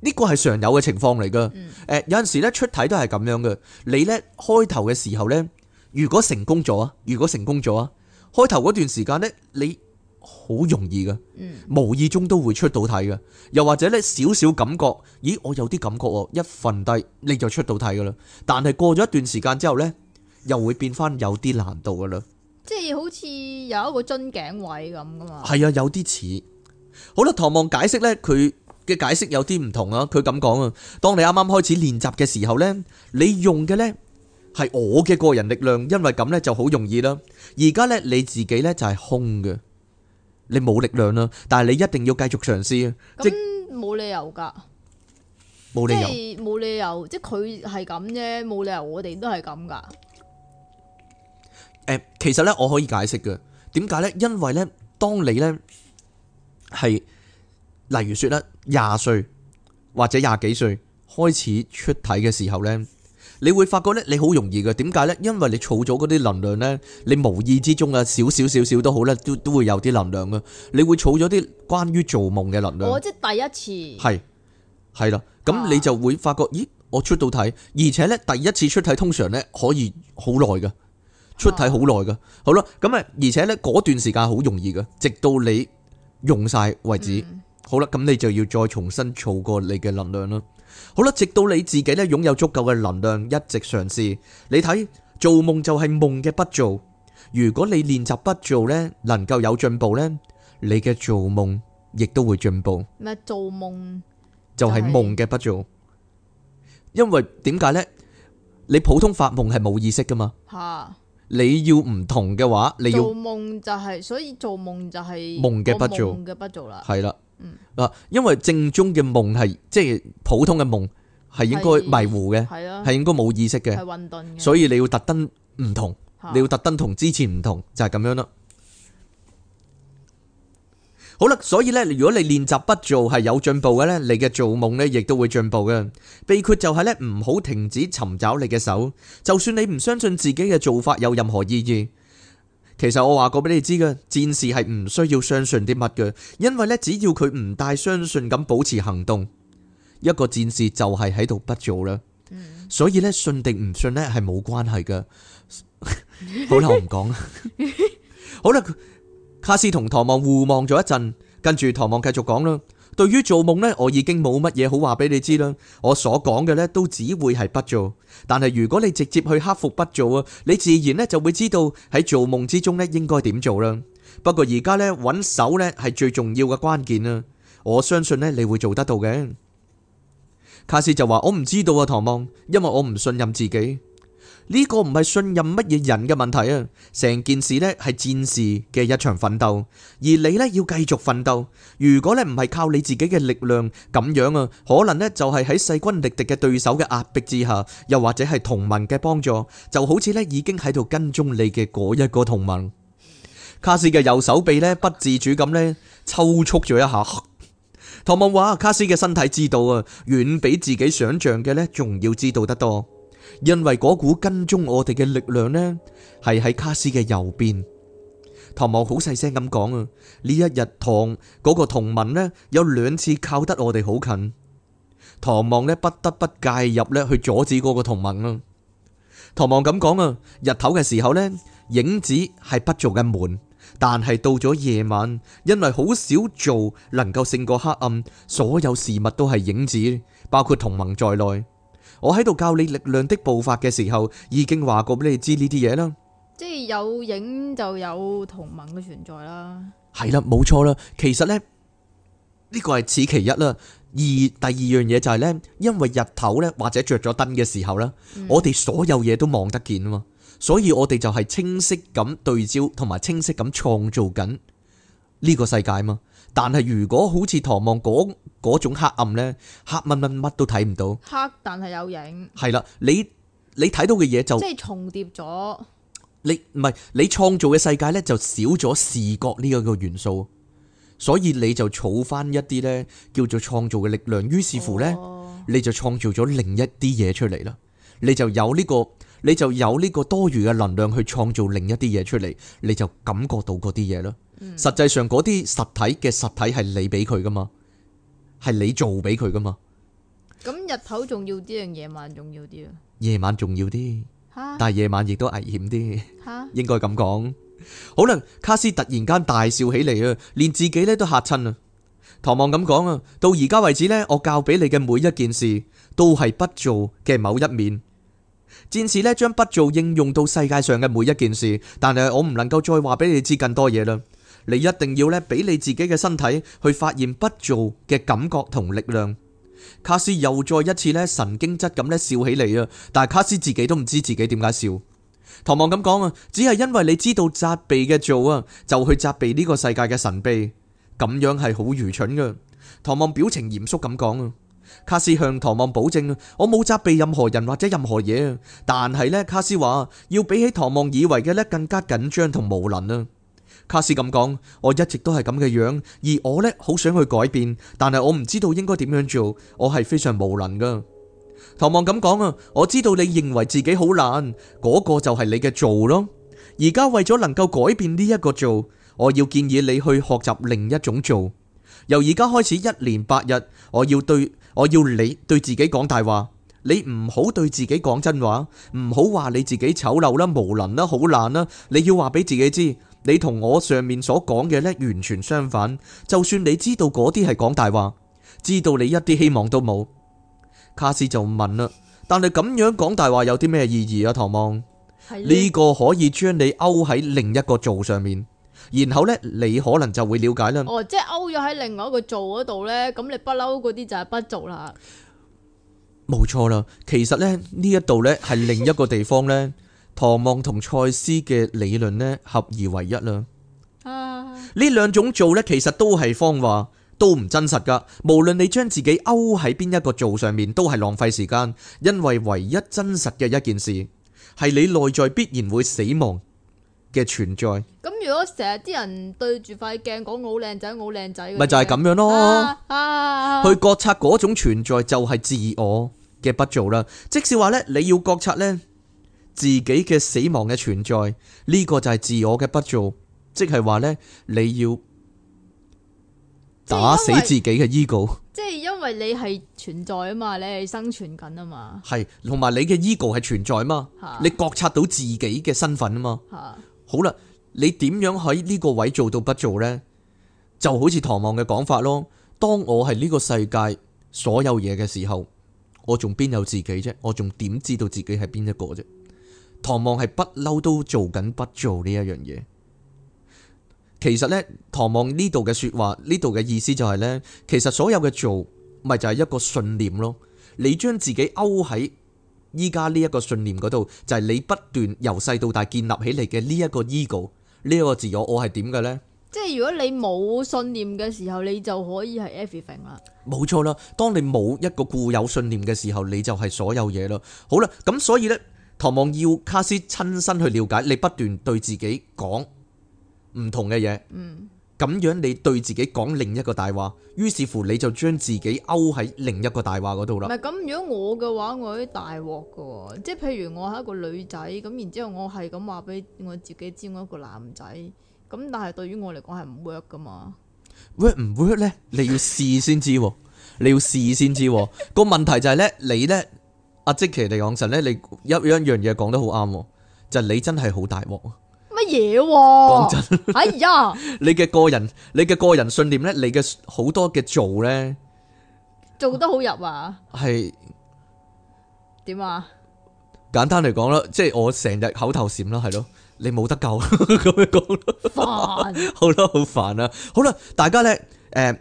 呢個係常有嘅情況嚟噶。誒、嗯嗯，有陣時咧出體都係咁樣嘅。你呢開頭嘅時候呢，如果成功咗啊，如果成功咗啊，開頭嗰段時間呢。你。好容易噶，嗯，無意中都會出到體噶。又或者咧，少少感覺，咦？我有啲感覺哦，一瞓低你就出到體噶啦。但係過咗一段時間之後咧，又會變翻有啲難度噶啦。即係好似有一個樽頸位咁噶嘛？係啊，有啲似。好啦，唐望解釋咧，佢嘅解釋有啲唔同啊。佢咁講啊，當你啱啱開始練習嘅時候咧，你用嘅咧係我嘅個人力量，因為咁咧就好容易啦。而家咧你自己咧就係空嘅。你冇力量啦，但係你一定要繼續嘗試。咁冇理由噶，冇理由，冇理由，即係佢係咁啫，冇理由我哋都係咁噶。誒，其實咧我可以解釋噶點解咧？因為咧，當你咧係，例如說咧廿歲或者廿幾歲開始出體嘅時候咧。你會發覺咧，你好容易嘅，點解咧？因為你儲咗嗰啲能量咧，你無意之中啊，少少少少都好咧，都都會有啲能量嘅。你會儲咗啲關於做夢嘅能量。我即係第一次。係係啦，咁你就會發覺，咦，我出到體，而且咧第一次出體通常咧可以好耐嘅，出體好耐嘅。好啦，咁啊，而且咧嗰段時間好容易嘅，直到你用晒為止。好啦，咁你就要再重新儲過你嘅能量啦。好啦，直到你自己咧擁有足夠嘅能量，一直嘗試。你睇做夢就係夢嘅不做。如果你練習不做咧，能夠有進步咧，你嘅做夢亦都會進步。咩做夢就係夢嘅不做？因為點解咧？你普通發夢係冇意識噶嘛？吓，你要唔同嘅話，你要做夢就係，所以做夢就係夢嘅不做，夢嘅不做啦，係啦。嗱，因為正宗嘅夢係即係普通嘅夢，係應該迷糊嘅，係咯，係應該冇意識嘅，係混沌嘅，所以你要特登唔同，你要特登同之前唔同，就係咁樣咯。好啦，所以咧，如果你練習不做係有進步嘅咧，你嘅做夢咧亦都會進步嘅。秘訣就係咧唔好停止尋找你嘅手，就算你唔相信自己嘅做法有任何意義。其實我話過俾你知嘅，戰士係唔需要相信啲乜嘅，因為咧只要佢唔帶相信咁保持行動，一個戰士就係喺度不做啦。所以咧，信定唔信咧係冇關係嘅。 好啦，我唔講啦。 好啦，卡斯同唐望互望咗一陣，跟住唐望繼續講啦。對於做夢咧，我已經冇乜嘢好話俾你知啦。我所講嘅咧，都只會係不做。但係如果你直接去克服不做啊，你自然咧就會知道喺做夢之中咧應該點做啦。不過而家咧揾手咧係最重要嘅關鍵啊。我相信咧你會做得到嘅。卡士就話：我唔知道啊，唐望，因為我唔信任自己。呢個唔係信任乜嘢人嘅問題啊！成件事咧係戰士嘅一場奮鬥，而你咧要繼續奮鬥。如果咧唔係靠你自己嘅力量咁樣啊，可能咧就係喺勢均力敵嘅對手嘅壓迫之下，又或者係同盟嘅幫助，就好似咧已經喺度跟蹤你嘅嗰一個同盟。卡斯嘅右手臂咧不自主咁咧抽搐咗一下。唐望話：卡斯嘅身體知道啊，遠比自己想象嘅咧仲要知道得多。因為嗰股跟蹤我哋嘅力量呢，係喺卡斯嘅右邊。唐望好細聲咁講啊，呢一日唐嗰個同盟呢有兩次靠得我哋好近，唐望呢不得不介入呢去阻止嗰個同盟啊。唐望咁講啊，日頭嘅時候呢影子係不做嘅門，但係到咗夜晚，因為好少做能夠勝過黑暗，所有事物都係影子，包括同盟在內。我喺度教你力量的步伐嘅時候，已經話過俾你知呢啲嘢啦。即係有影就有同盟嘅存在啦。係啦，冇錯啦。其實呢，呢個係此其一啦。而第二樣嘢就係、是、呢，因為日頭呢，或者着咗燈嘅時候呢，嗯、我哋所有嘢都望得見啊嘛。所以我哋就係清晰咁對焦同埋清晰咁創造緊呢個世界嘛。但係如果好似唐望講。嗰種黑暗咧，黑乜乜乜都睇唔到，黑但係有影，係啦。你你睇到嘅嘢就即係重疊咗，你唔係你創造嘅世界咧，就少咗視覺呢一個元素，所以你就儲翻一啲咧叫做創造嘅力量。於是乎咧，你就創造咗另一啲嘢出嚟啦。你就有呢個你就有呢個多餘嘅能量去創造另一啲嘢出嚟，你就感覺到嗰啲嘢啦。實際上嗰啲實體嘅實體係你俾佢噶嘛。係你做俾佢噶嘛？咁日頭重要啲，夜晚重要啲啊？夜晚重要啲，吓？但係夜晚亦都危險啲，吓？應該咁講。好啦，卡斯突然間大笑起嚟啊，連自己咧都吓親啊！唐望咁講啊，到而家為止咧，我教俾你嘅每一件事，都係不做嘅某一面。戰士咧，將不做應用到世界上嘅每一件事，但係我唔能夠再話俾你知更多嘢啦。你一定要咧，俾你自己嘅身體去發現不做嘅感覺同力量。卡斯又再一次咧神經質咁咧笑起嚟啊！但係卡斯自己都唔知自己點解笑。唐望咁講啊，只係因為你知道責備嘅做啊，就去責備呢個世界嘅神秘，咁樣係好愚蠢噶。唐望表情嚴肅咁講啊。卡斯向唐望保證啊，我冇責備任何人或者任何嘢。但係咧，卡斯話要比起唐望以為嘅咧更加緊張同無能啊。卡斯咁講，我一直都係咁嘅樣，而我呢，好想去改變，但係我唔知道應該點樣做，我係非常無能噶。唐望咁講啊，我知道你認為自己好懶，嗰個就係你嘅做咯。而家為咗能夠改變呢一個做，我要建議你去學習另一種做。由而家開始一連八日，我要對我要你對自己講大話，你唔好對自己講真話，唔好話你自己醜陋啦、無能啦、好懶啦，你要話俾自己知。你同我上面所講嘅咧完全相反，就算你知道嗰啲係講大話，知道你一啲希望都冇，卡斯就問啦。但係咁樣講大話有啲咩意義啊？唐望，呢、這個、個可以將你勾喺另一個做上面，然後呢，你可能就會了解啦。哦，即係勾咗喺另外一個做嗰度呢，咁你不嬲嗰啲就係不做啦。冇錯啦，其實咧呢一度呢係另一個地方呢。 唐望同賽斯嘅理論呢，合而為一啦。呢、啊、兩種做呢，其實都係方法，都唔真實噶。無論你將自己勾喺邊一個做上面，都係浪費時間。因為唯一真實嘅一件事，係你內在必然會死亡嘅存在。咁如果成日啲人對住塊鏡講我好靚仔，我好靚仔，咪就係咁樣咯。啊啊、去覺察嗰種存在就係自我嘅不做啦。即是話呢，你要覺察呢。自己嘅死亡嘅存在呢、呢個就係自我嘅不做，即係話呢，你要打死自己嘅 ego，即係因為你係存在啊嘛，你係生存緊啊嘛，係同埋你嘅 ego 係存在嘛，你覺察到自己嘅身份啊嘛，哈好啦，你點樣喺呢個位做到不做呢？就好似唐望嘅講法咯。當我係呢個世界所有嘢嘅時候，我仲邊有自己啫？我仲點知道自己係邊一個啫？唐望係不嬲都做緊不做呢一樣嘢，其實呢，唐望呢度嘅說話，呢度嘅意思就係、是、呢。其實所有嘅做，咪就係、是、一個信念咯。你將自己勾喺依家呢一個信念嗰度，就係、是、你不斷由細到大建立起嚟嘅呢一個 ego，呢一個自我，我係點嘅呢？即係如果你冇信念嘅時候，你就可以係 everything 啦。冇錯啦，當你冇一個固有信念嘅時候，你就係所有嘢啦。好啦，咁所以呢。唐望要卡斯親身去了解，你不斷對自己講唔同嘅嘢，嗯、咁樣你對自己講另一個大話，於是乎你就將自己勾喺另一個大話嗰度啦。唔係咁，如果我嘅話，我啲大鑊噶，即係譬如我係一個女仔，咁然之後我係咁話俾我自己知我一個男仔，咁但係對於我嚟講係唔 work 噶嘛？work 唔 work 呢？你要試先知， 你要試先知。個 問題就係呢，你呢。啊、即其嚟講實咧，你有一樣嘢講得好啱，就係你真係好大鑊。乜嘢？講真，哎呀！你嘅個人，你嘅個人信念咧，你嘅好多嘅做咧，做得好入啊！係點啊？簡單嚟講啦，即係我成日口頭禪啦，係咯，你冇得救咁樣講。煩，好啦，好煩啊！好啦，大家咧，誒、呃。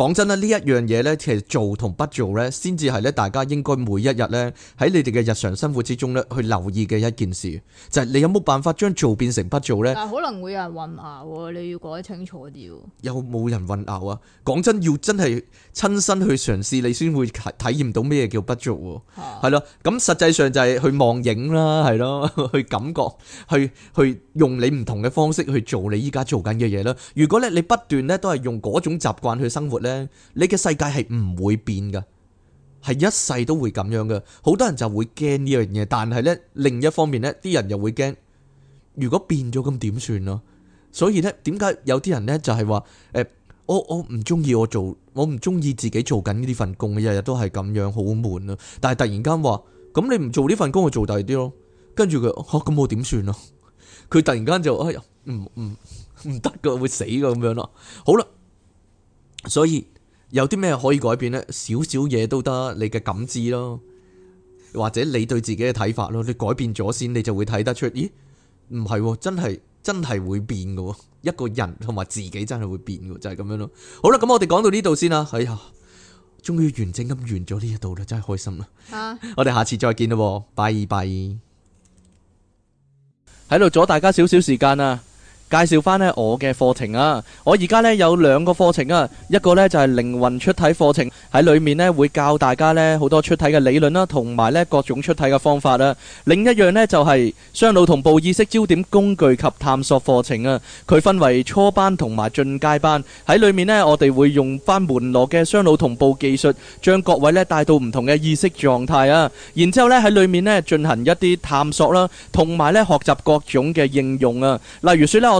講真啦，呢一樣嘢咧，其實做同不做咧，先至係咧，大家應該每一日咧，喺你哋嘅日常生活之中咧，去留意嘅一件事，就係你有冇辦法將做變成不做咧？但係可能會有人混淆，你要講得清楚啲。有冇人混淆啊？講真，要真係親身去嘗試，你先會體體驗到咩叫不做。係咯，咁實際上就係去望影啦，係咯，去感覺，去去用你唔同嘅方式去做你依家做緊嘅嘢啦。如果咧你不斷咧都係用嗰種習慣去生活咧。咧，你嘅世界係唔會變噶，係一世都會咁樣噶。好多人就會驚呢樣嘢，但係咧另一方面咧，啲人又會驚，如果變咗咁點算咯？所以咧，點解有啲人咧就係話誒，我我唔中意,我做，我唔中意自己做緊呢份工，日日都係咁樣好悶啊！但係突然間話，咁你唔做呢份工，我做第二啲咯。跟住佢，吓，咁我點算咯？佢突然間就哎呀，唔唔唔得噶，會死噶咁樣咯。好啦。所以有啲咩可以改變呢？少少嘢都得，你嘅感知咯，或者你對自己嘅睇法咯，你改變咗先，你就會睇得出。咦？唔係，真係真係會變嘅。一個人同埋自己真係會變嘅，就係、是、咁樣咯。好啦，咁我哋講到呢度先啦。哎呀，終於完整咁完咗呢一度啦，真係開心啦。啊、 我哋下次再見啦。拜拜。喺度阻大家少少時間啊，介紹翻咧我嘅課程啊！我而家咧有兩個課程啊，一個咧就係靈魂出體課程，喺裏面咧會教大家咧好多出體嘅理論啦，同埋咧各種出體嘅方法啦。另一樣咧就係雙腦同步意識焦點工具及探索課程啊。佢分為初班同埋進階班，喺裏面咧我哋會用翻門羅嘅雙腦同步技術，將各位咧帶到唔同嘅意識狀態啊。然之後咧喺裏面咧進行一啲探索啦，同埋咧學習各種嘅應用啊。例如説咧我。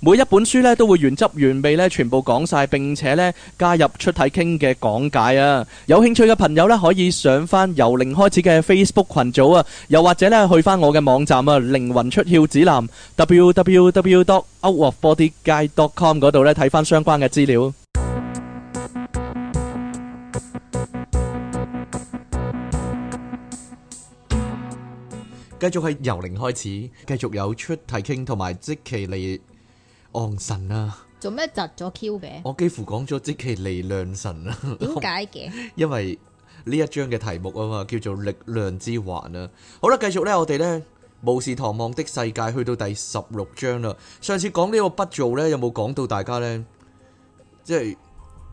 每一本書咧都會原汁原味咧全部講晒，並且咧加入出體傾嘅講解啊！有興趣嘅朋友咧可以上翻由零開始嘅 Facebook 群組啊，又或者咧去翻我嘅網站啊靈魂出竅指南 www.outofbodyguide.com 嗰度咧睇翻相關嘅資料。繼續係由零開始，繼續有出體傾同埋即期。嚟。神啊！做咩窒咗 Q 嘅？我幾乎講咗即其力量神啊！點解嘅？ 因為呢一章嘅題目啊嘛，叫做力量之環啊！好啦，繼續咧，我哋咧巫士唐望的世界去到第十六章啦。上次講呢個不做咧，有冇講到大家咧？即係。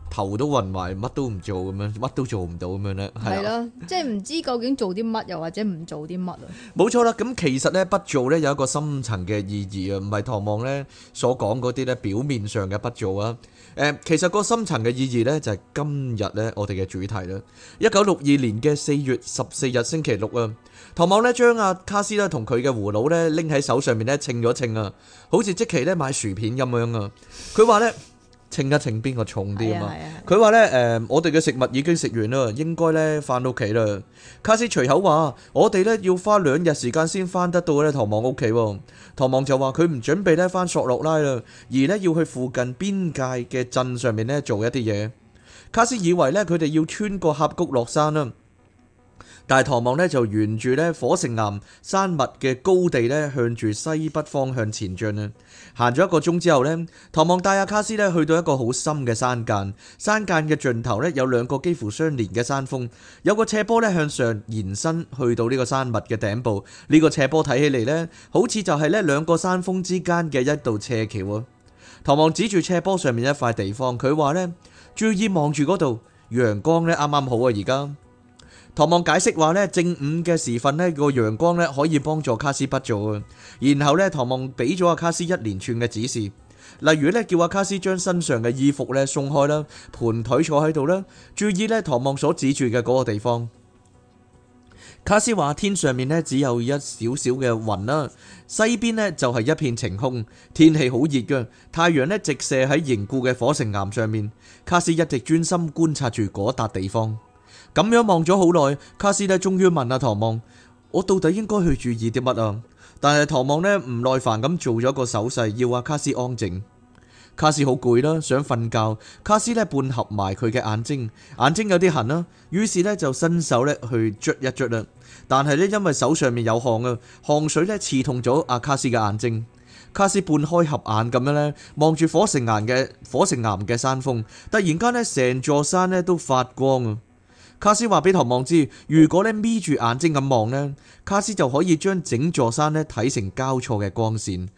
頭都暈埋，乜都唔做咁樣，乜都做唔到咁樣咧，係咯， 即係唔知究竟做啲乜，又或者唔做啲乜啊？冇錯啦，咁其實咧，不做咧有一個深層嘅意義啊，唔係唐望咧所講嗰啲咧表面上嘅不做啊。誒，其實個深層嘅意義咧就係今日咧我哋嘅主題啦。一九六二年嘅四月十四日星期六啊，唐望咧將阿卡斯咧同佢嘅葫蘆咧拎喺手上面咧稱咗稱啊，好似即期咧買薯片咁樣啊。佢話咧。稱一稱邊個重啲啊嘛？佢話咧，誒、 呃，我哋嘅食物已經食完啦，應該咧翻到屋企啦。卡斯隨口話：我哋咧要花兩日時間先翻得到咧唐望屋企喎。唐望就話佢唔準備咧翻索洛拉啦，而呢要去附近邊界嘅鎮上面咧做一啲嘢。卡斯以為咧佢哋要穿過峽谷落山啦，但係唐望呢，就沿住咧火成岩山脈嘅高地咧向住西北方向前進啊。行咗一個鐘之後呢，唐望帶阿卡斯呢去到一個好深嘅山澗，山澗嘅盡頭呢，有兩個幾乎相連嘅山峰，有個斜坡呢向上延伸去到呢個山脈嘅頂部，呢、呢個斜坡睇起嚟呢，好似就係呢兩個山峰之間嘅一道斜橋啊！唐望指住斜坡上面一塊地方，佢話呢：「注意望住嗰度，陽光呢啱啱好啊，而家。唐望解釋話咧，正午嘅時分咧，個陽光咧可以幫助卡斯不做。然後咧，唐望俾咗阿卡斯一連串嘅指示，例如咧，叫阿卡斯將身上嘅衣服咧鬆開啦，盤腿坐喺度啦，注意咧，唐望所指住嘅嗰個地方。卡斯話：天上面咧只有一少少嘅雲啦，西邊咧就係一片晴空，天氣好熱嘅，太陽咧直射喺凝固嘅火成岩上面。卡斯一直專心觀察住嗰笪地方。咁樣望咗好耐，卡斯咧終於問阿唐望：我到底應該去注意啲乜啊？但係唐望咧唔耐煩咁做咗個手勢，要阿卡斯安靜。卡斯好攰啦，想瞓覺。卡斯咧半合埋佢嘅眼睛，眼睛有啲痕啦，於是呢就伸手咧去捽一捽啦。但係呢，因為手上面有汗啊，汗水咧刺痛咗阿卡斯嘅眼睛。卡斯半開合眼咁樣呢，望住火成岩嘅火成岩嘅山峰，突然間呢成座山呢都發光啊！卡斯話俾唐望知，如果咧眯住眼睛咁望呢，卡斯就可以將整座山咧睇成交錯嘅光線。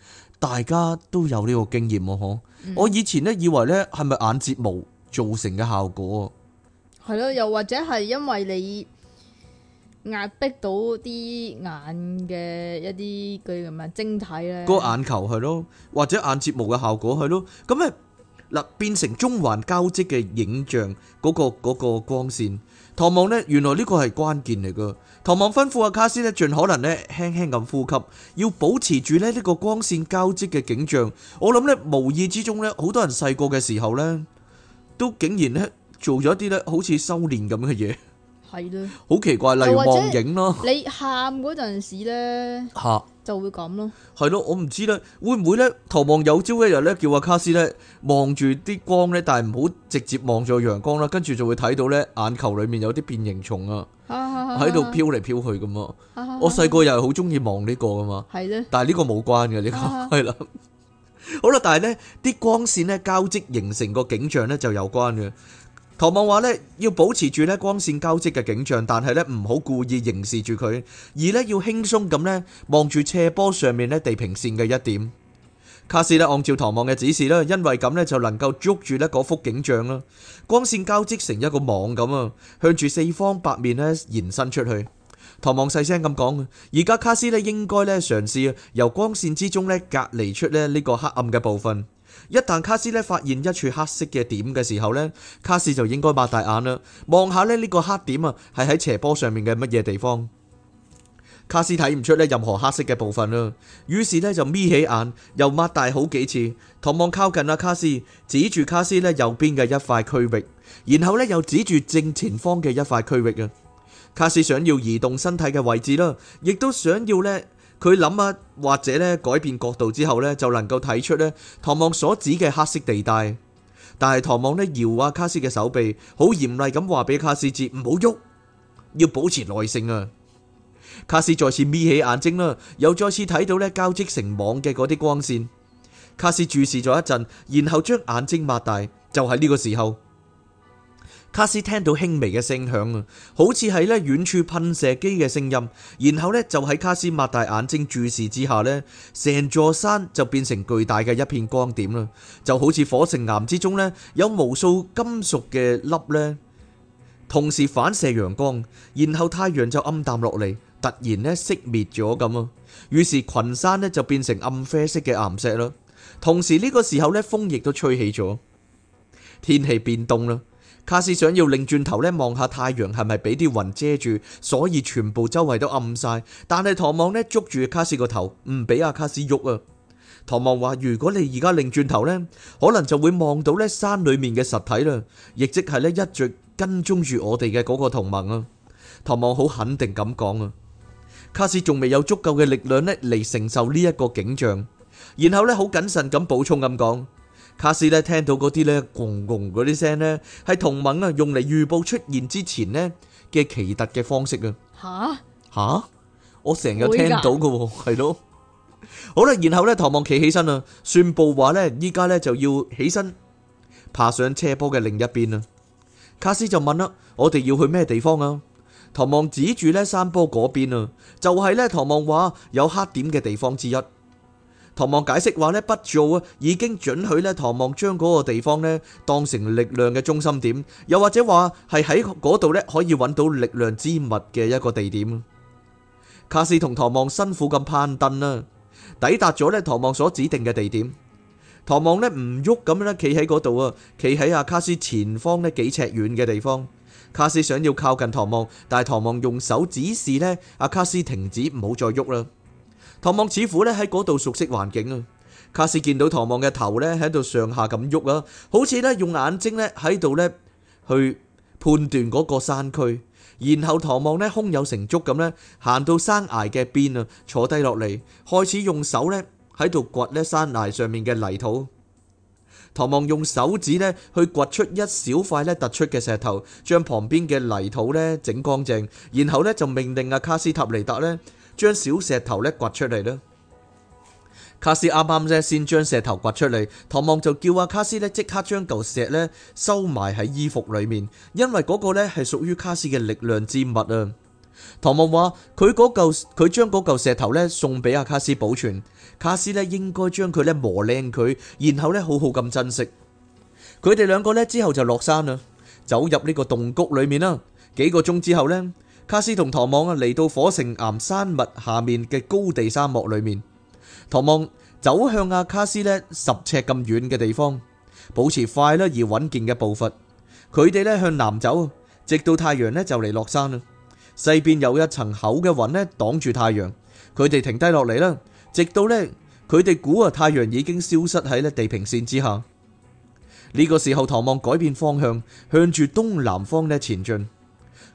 大家都有呢個經驗哦，嗯、我以前咧以為咧係咪眼睫毛造成嘅效果？係咯，又或者係因為你壓迫到啲眼嘅一啲佢咁啊晶體咧？個眼球係咯，或者眼睫毛嘅效果係咯，咁咧嗱變成中環交織嘅影像嗰、嗰個、嗰個光線。唐望呢，原來呢個係關鍵嚟噶。唐望吩咐阿卡斯呢，盡可能呢輕輕咁呼吸，要保持住呢呢個光線交織嘅景象。我諗呢，無意之中呢，好多人細個嘅時候呢，都竟然呢做咗一啲呢好似修煉咁嘅嘢。係啦，好奇怪，例如望影啦，你喊嗰陣時咧，吓就會咁咯。係咯，我唔知咧，會唔會咧？逃亡有朝一日咧，叫阿卡斯咧望住啲光咧，但係唔好直接望住陽光啦，跟住就會睇到咧眼球裏面有啲變形蟲啊，喺度飄嚟飄去咁啊。我細個又係好中意望呢個噶嘛，係咧。但係呢個冇關嘅呢個係啦，好啦。但係咧啲光線咧交織形成個景象咧就有關嘅。唐望話咧，要保持住咧光線交織嘅景象，但係咧唔好故意凝視住佢，而咧要輕鬆咁咧望住斜坡上面咧地平線嘅一點。卡斯咧按照唐望嘅指示啦，因為咁咧就能夠捉住咧嗰幅景象啦。光線交織成一個網咁啊，向住四方八面咧延伸出去。唐望細聲咁講，而家卡斯咧應該咧嘗試由光線之中咧隔離出咧呢個黑暗嘅部分。一旦卡斯咧發現一處黑色嘅點嘅時候呢，卡斯就應該擘大眼啦，望下咧呢個黑點啊，係喺斜坡上面嘅乜嘢地方？卡斯睇唔出呢任何黑色嘅部分啦，於是呢，就眯起眼，又擘大好幾次，唐望靠近啊。卡斯指住卡斯呢右邊嘅一塊區域，然後呢又指住正前方嘅一塊區域啊。卡斯想要移動身體嘅位置啦，亦都想要呢。佢諗啊，或者咧改變角度之後咧，就能夠睇出咧唐望所指嘅黑色地帶。但係唐望呢搖啊卡斯嘅手臂，好嚴厲咁話俾卡斯知唔好喐，要保持耐性啊！卡斯再次眯起眼睛啦，又再次睇到咧交織成網嘅嗰啲光線。卡斯注視咗一陣，然後將眼睛擘大，就喺呢個時候。卡斯聽到輕微嘅聲響啊，好似係咧遠處噴射機嘅聲音。然後咧就喺卡斯擘大眼睛注視之下咧，成座山就變成巨大嘅一片光點啦，就好似火成岩之中咧有無數金屬嘅粒咧，同時反射陽光。然後太陽就暗淡落嚟，突然咧熄滅咗咁啊。於是群山咧就變成暗啡色嘅岩石啦。同時呢個時候咧風亦都吹起咗，天氣變凍啦。卡斯想要擰轉頭咧望下太陽係咪俾啲雲遮住？所以全部周圍都暗晒。但係唐望呢，捉住卡斯個頭，唔俾阿卡斯喐啊。唐望話：如果你而家擰轉頭呢，可能就會望到呢山裏面嘅實體啦，亦即係呢一直跟蹤住我哋嘅嗰個同盟啊。唐望好肯定咁講啊。卡斯仲未有足夠嘅力量呢嚟承受呢一個景象，然後呢，好謹慎咁補充咁講。卡斯咧聽到嗰啲咧轟轟嗰啲聲咧，係同盟啊用嚟預報出現之前呢嘅奇特嘅方式啊！吓吓哈，我成日聽到噶，係咯的。好啦，然後咧，唐望企起身啦，宣布話咧，依家咧就要起身爬上斜坡嘅另一邊啦。卡斯就問啦：我哋要去咩地方啊？唐望指住咧山坡嗰邊啊，就係咧唐望話有黑點嘅地方之一。唐望解釋話咧，不做啊，已經准許咧。唐望將嗰個地方咧，當成力量嘅中心點，又或者話係喺嗰度咧，可以揾到力量之物嘅一個地點。卡斯同唐望辛苦咁攀登啦，抵達咗咧唐望所指定嘅地點。唐望咧唔喐咁樣，企喺嗰度啊，企喺阿卡斯前方呢幾尺遠嘅地方。卡斯想要靠近唐望，但係唐望用手指示咧，阿卡斯停止唔好再喐啦。唐望似乎咧喺嗰度熟悉環境啊！卡斯見到唐望嘅頭咧喺度上下咁喐啊，好似咧用眼睛咧喺度咧去判斷嗰個山區。然後唐望咧胸有成竹咁咧行到山崖嘅邊啊，坐低落嚟，開始用手咧喺度掘咧山崖上面嘅泥土。唐望用手指咧去掘出一小塊咧突出嘅石頭，將旁邊嘅泥土咧整乾淨，然後咧就命令阿卡斯塔尼達咧，將小石頭咧颳出嚟啦，卡斯啱啱咧先將石頭刮出嚟，唐望就叫阿卡斯咧即刻將嚿石咧收埋喺衣服裏面，因為嗰個咧係屬於卡斯嘅力量之物啊。唐望話佢嗰嚿佢將嗰嚿石頭咧送俾阿卡斯保存，卡斯咧應該將佢咧磨靚佢，然後咧好好咁珍惜。佢哋兩個咧之後就落山啦，走入呢個洞谷裏面啦，幾個鐘之後咧。卡斯同唐望啊嚟到火成岩山脈下面嘅高地沙漠裏面，唐望走向阿卡斯咧十尺咁遠嘅地方，保持快咧而穩健嘅步伐。佢哋咧向南走，直到太陽咧就嚟落山啦。西邊有一層厚嘅雲咧擋住太陽，佢哋停低落嚟啦。直到咧佢哋估啊太陽已經消失喺咧地平線之下。呢個時候，唐望改變方向，向住東南方咧前進。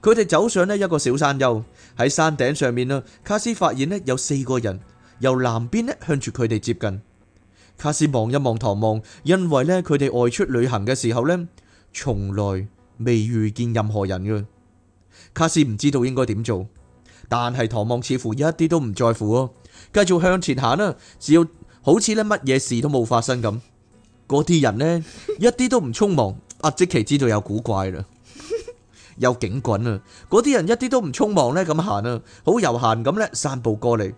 佢哋走上呢一個小山丘，喺山頂上面啦。卡斯發現呢有四個人由南邊呢向住佢哋接近。卡斯望一望唐望，因為呢佢哋外出旅行嘅時候呢，從來未遇見任何人嘅。卡斯唔知道應該點做，但係唐望似乎一啲都唔在乎哦，繼續向前行啦，只要好似呢乜嘢事都冇發生咁。嗰啲人呢一啲都唔匆忙。阿即其知道有古怪啦。有警棍啊！嗰啲人一啲都唔匆忙咧，咁行啊，好悠閒咁咧散步過嚟。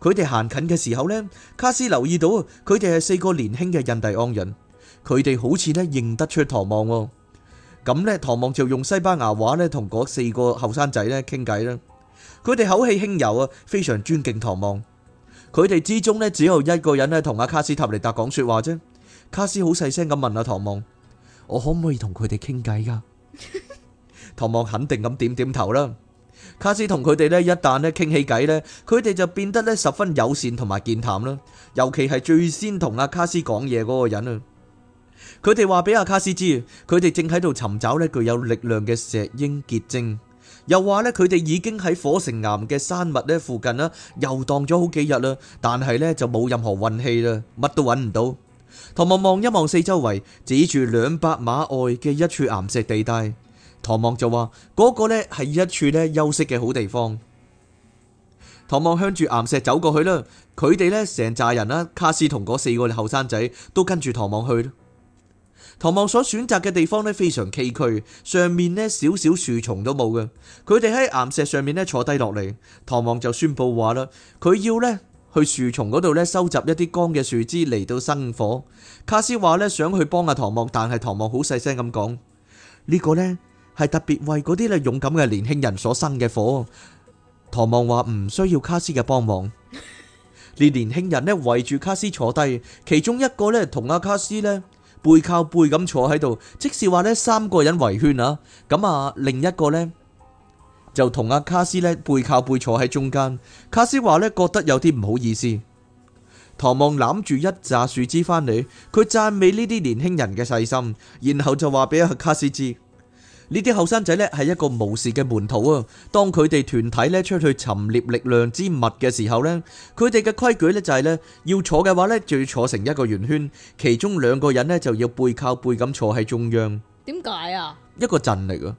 佢哋行近嘅時候呢，卡斯留意到佢哋係四個年輕嘅印第安人，佢哋好似呢認得出唐望。咁呢，唐望就用西班牙話咧同嗰四個後生仔咧傾偈啦。佢哋口氣輕柔啊，非常尊敬唐望。佢哋之中呢，只有一個人咧同阿卡斯塔尼達講說話啫。卡斯好細聲咁問阿、啊、唐望，我可唔可以同佢哋傾偈噶？唐望肯定咁點點頭啦，卡斯同佢哋咧，一旦咧傾起偈咧，佢哋就變得咧十分友善同埋健談啦。尤其係最先同阿卡斯講嘢嗰個人啊，佢哋話俾阿卡斯知，佢哋正喺度尋找咧具有力量嘅石英結晶，又話咧佢哋已經喺火成岩嘅山脈咧附近啦遊蕩咗好幾日啦，但係咧就冇任何運氣啦，乜都揾唔到。唐望望一望四周圍，指住兩百碼外嘅一處岩石地帶。唐望就話：嗰個呢係一處呢休息嘅好地方。唐望向住岩石走過去啦，佢哋呢成扎人啦，卡斯同嗰四個後生仔都跟住唐望去。唐望所選擇嘅地方呢非常崎嶇，上面呢少少樹叢都冇嘅。佢哋喺岩石上面呢坐低落嚟。唐望就宣布話啦：佢要呢去樹叢嗰度呢收集一啲乾嘅樹枝嚟到生火。卡斯話呢想去幫阿唐望，但係唐望好細聲咁講：「呢個呢。」係特別為嗰啲咧勇敢嘅年輕人所生嘅火。唐望話唔需要卡斯嘅幫忙，列年輕人咧圍住卡斯坐低，其中一個咧同阿卡斯咧背靠背咁坐喺度，即是話咧三個人圍圈啊。咁啊，另一個呢就同阿卡斯咧背靠背坐喺中間。卡斯話咧覺得有啲唔好意思。唐望攬住一紮樹枝返嚟，佢讚美呢啲年輕人嘅細心，然後就話俾阿卡斯知。呢啲後生仔呢係一個巫士嘅門徒啊！當佢哋團體呢出去尋獵力量之物嘅時候呢，佢哋嘅規矩呢就係呢：要坐嘅話呢，就要坐成一個圓圈，其中兩個人呢就要背靠背咁坐喺中央。點解啊？一個陣力啊，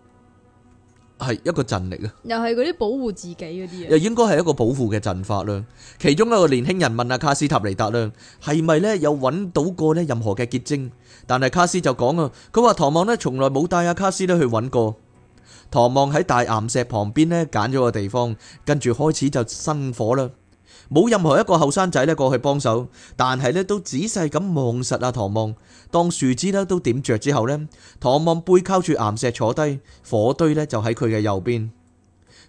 係一個陣力啊，又係嗰啲保護自己嗰啲啊，又應該係一個保護嘅陣法啦。其中一個年輕人問阿卡斯塔尼達咧，係咪呢？有揾到過呢任何嘅結晶？但係卡斯就講啊，佢話唐望呢從來冇帶阿卡斯呢去揾過。唐望喺大岩石旁邊呢揀咗個地方，跟住開始就生火啦。冇任何一個後生仔呢過去幫手，但係呢都仔細咁望實阿唐望，當樹枝呢都點着之後呢，唐望背靠住岩石坐低，火堆呢就喺佢嘅右邊。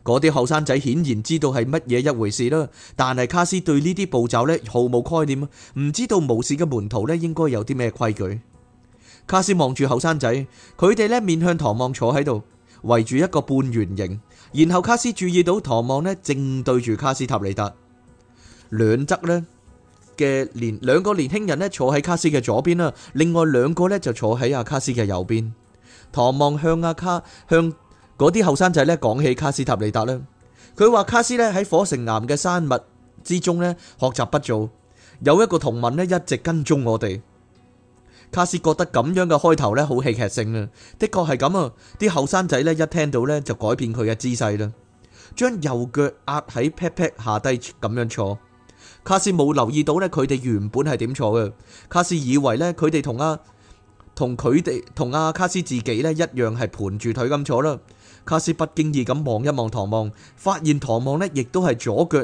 嗰啲後生仔顯然知道係乜嘢一回事啦，但係卡斯對呢啲步驟呢毫無概念，唔知道巫士嘅門徒呢應該有啲咩規矩。卡斯望住後生仔，佢哋咧面向唐望坐喺度，圍住一個半圓形。然後卡斯注意到唐望咧正對住卡斯塔尼達，兩側呢，嘅年兩個年輕人咧坐喺卡斯嘅左邊啦，另外兩個呢就坐喺阿卡斯嘅右邊。唐望向阿、啊、卡向嗰啲後生仔咧講起卡斯塔尼達呢，佢話卡斯咧喺火成岩嘅山脈之中呢，學習不做。有一個同盟呢，一直跟蹤我哋。卡斯覺得咁樣嘅開頭咧好戲劇性啊，的確係咁啊！啲後生仔咧一聽到呢，就改變佢嘅姿勢啦，將右腳壓喺 pat pat 下低咁樣坐。卡斯冇留意到呢，佢哋原本係點坐嘅。卡斯以為呢，佢哋同阿同佢哋同阿卡斯自己呢一樣係盤住腿咁坐啦。卡斯不經意咁望一望唐望，發現唐望呢亦都係左腳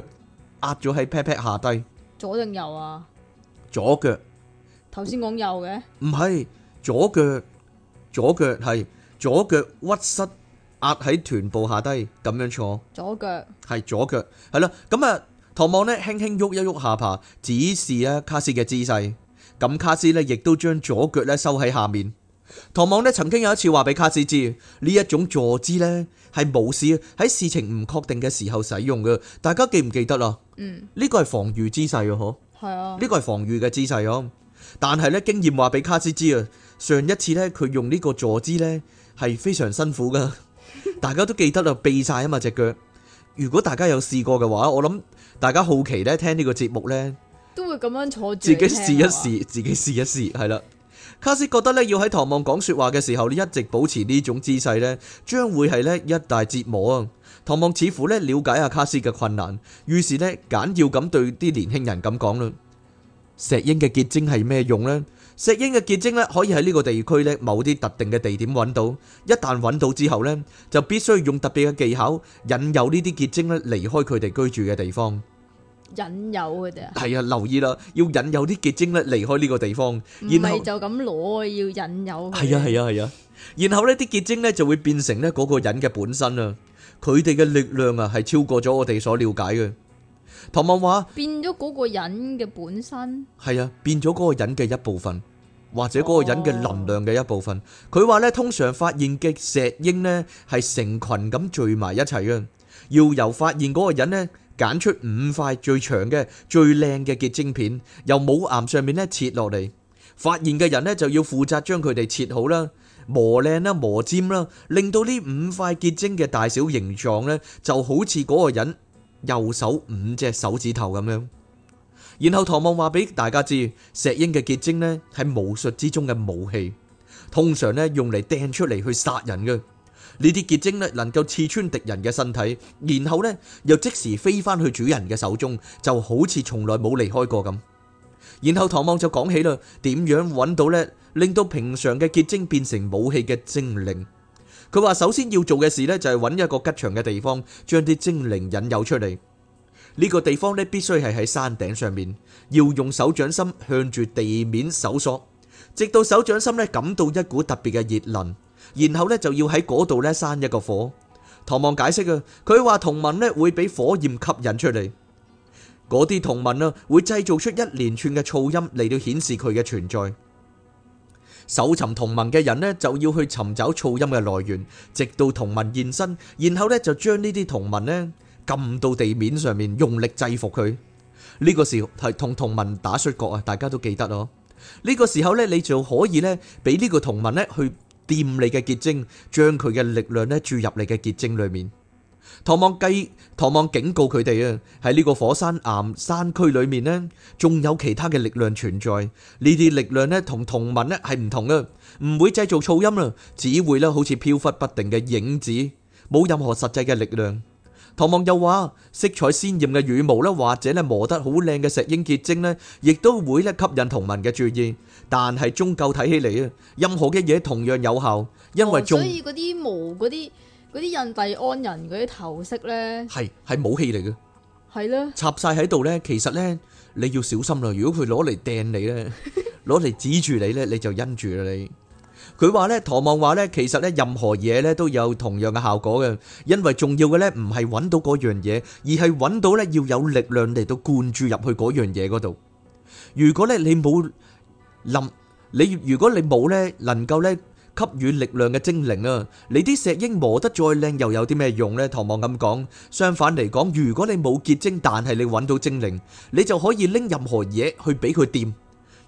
壓咗喺 pat pat 下低。左定右啊？左腳。頭先講右嘅，唔係左腳，左腳係左腳屈膝壓喺臀部下低，咁樣坐左腳腳係左腳係啦。咁啊，唐望呢輕輕喐一喐下巴，指示啊卡斯嘅姿勢。咁卡斯呢亦都將左腳咧收喺下面。唐望呢曾經有一次話俾卡斯知呢一種坐姿咧係巫士喺事情唔確定嘅時候使用嘅。大家記唔記得啊？嗯，呢個係防禦姿勢嘅，嗬的，係啊，呢個係防禦嘅姿勢哦。但係咧，經驗話俾卡斯知啊，上一次咧，佢用呢個坐姿咧係非常辛苦噶，大家都記得啦，痹晒啊嘛隻腳。如果大家有試過嘅話，我諗大家好奇咧，聽呢個節目咧，都會咁樣坐住，自己試一試， 自己試一試，係啦。卡斯覺得咧，要喺唐望講說話嘅時候，你一直保持呢種姿勢咧，將會係咧一大折磨啊。唐望似乎咧了解下卡斯嘅困難，於是咧簡要咁對啲年輕人咁講啦。石英嘅結晶係咩用咧？石英嘅結晶咧可以喺呢個地區咧某啲特定嘅地點揾到，一旦揾到之後咧，就必須用特別嘅技巧引誘呢啲結晶咧離開佢哋居住嘅地方。引誘佢哋啊？係啊，留意啦，要引誘啲結晶咧離開呢個地方，唔係就咁攞，要引誘。係啊，係啊，係啊，然後咧啲結晶咧就會變成咧嗰個人嘅本身啊。佢哋嘅力量啊係超過咗我哋所了解嘅。唐望話，變咗嗰個人嘅本身係啊，變咗嗰個人嘅一部分，或者嗰個人嘅能量嘅一部分。佢話咧，通常發現嘅石英咧係成群咁聚埋一齊嘅，要由發現嗰個人咧揀出五塊最長嘅，最靚嘅結晶片，由母岩上面咧切落嚟。發現嘅人咧就要負責將佢哋切好啦，磨靚啦，磨尖啦，令到呢五塊結晶嘅大小，形狀咧就好似嗰個人右手五隻手指頭咁樣。然後唐望話俾大家知，石英嘅結晶呢係，武術之中嘅武器，通常呢用嚟掟出嚟去殺人嘅。呢啲結晶呢能夠刺穿敵人嘅身體，然後呢又即時飛翻去主人嘅手中，就好似從來冇離開過咁。然後唐望就講起啦，點樣搵到呢，令到平常嘅結晶變成武器嘅精靈。佢話首先要做嘅事呢，就係揾一個吉祥嘅地方，將啲精靈引誘出嚟。呢個地方呢，必須係喺山頂上面，要用手掌心向住地面搜索，直到手掌心呢感到一股特別嘅熱能，然後呢就要喺嗰度呢生一個火。唐望解釋啊，佢話同文呢會俾火焰吸引出嚟，嗰啲同文啊會製造出一連串嘅噪音嚟到顯示佢嘅存在。搜尋同盟嘅人呢，就要去尋找噪音嘅來源，直到同盟現身，然後呢，就將呢啲同盟呢撳到地面上面，用力制服佢。呢個時候係同同盟打摔角啊！大家都記得咯。呢個時候呢，你就可以呢，俾呢個同盟呢去掂你嘅結晶，將佢嘅力量呢注入你嘅結晶裡面。唐望計，唐望警告佢哋啊，喺呢個火山岩山區裏面呢，仲有其他嘅力量存在。呢啲力量呢，同同文呢係唔同啊，唔會製造噪音啊，只會呢好似飄忽不定嘅影子，冇任何實際嘅力量。唐望又話，色彩鮮艷嘅羽毛啦，或者呢磨得好靚嘅石英結晶呢，亦都會咧吸引同文嘅注意，但係終究睇起嚟啊，任何嘅嘢同樣有效，因為所以嗰啲毛嗰啲。嗰啲印第安人嗰啲頭飾咧，係係武器嚟嘅，係啦，插晒喺度咧。其實咧，你要小心啦。如果佢攞嚟掟你咧，攞嚟指住你咧，你就因住啦你。佢話咧，唐望話咧，其實咧，任何嘢咧都有同樣嘅效果嘅。因為重要嘅咧，唔係揾到嗰樣嘢，而係揾到咧要有力量嚟到灌注入去嗰樣嘢嗰度。如果咧你冇冧，你如果你冇咧，能夠咧。給予力量嘅精靈啊！你啲石英磨得再靚，又有啲咩用呢？唐望咁講。相反嚟講，如果你冇結晶，但係你揾到精靈，你就可以拎任何嘢去俾佢掂。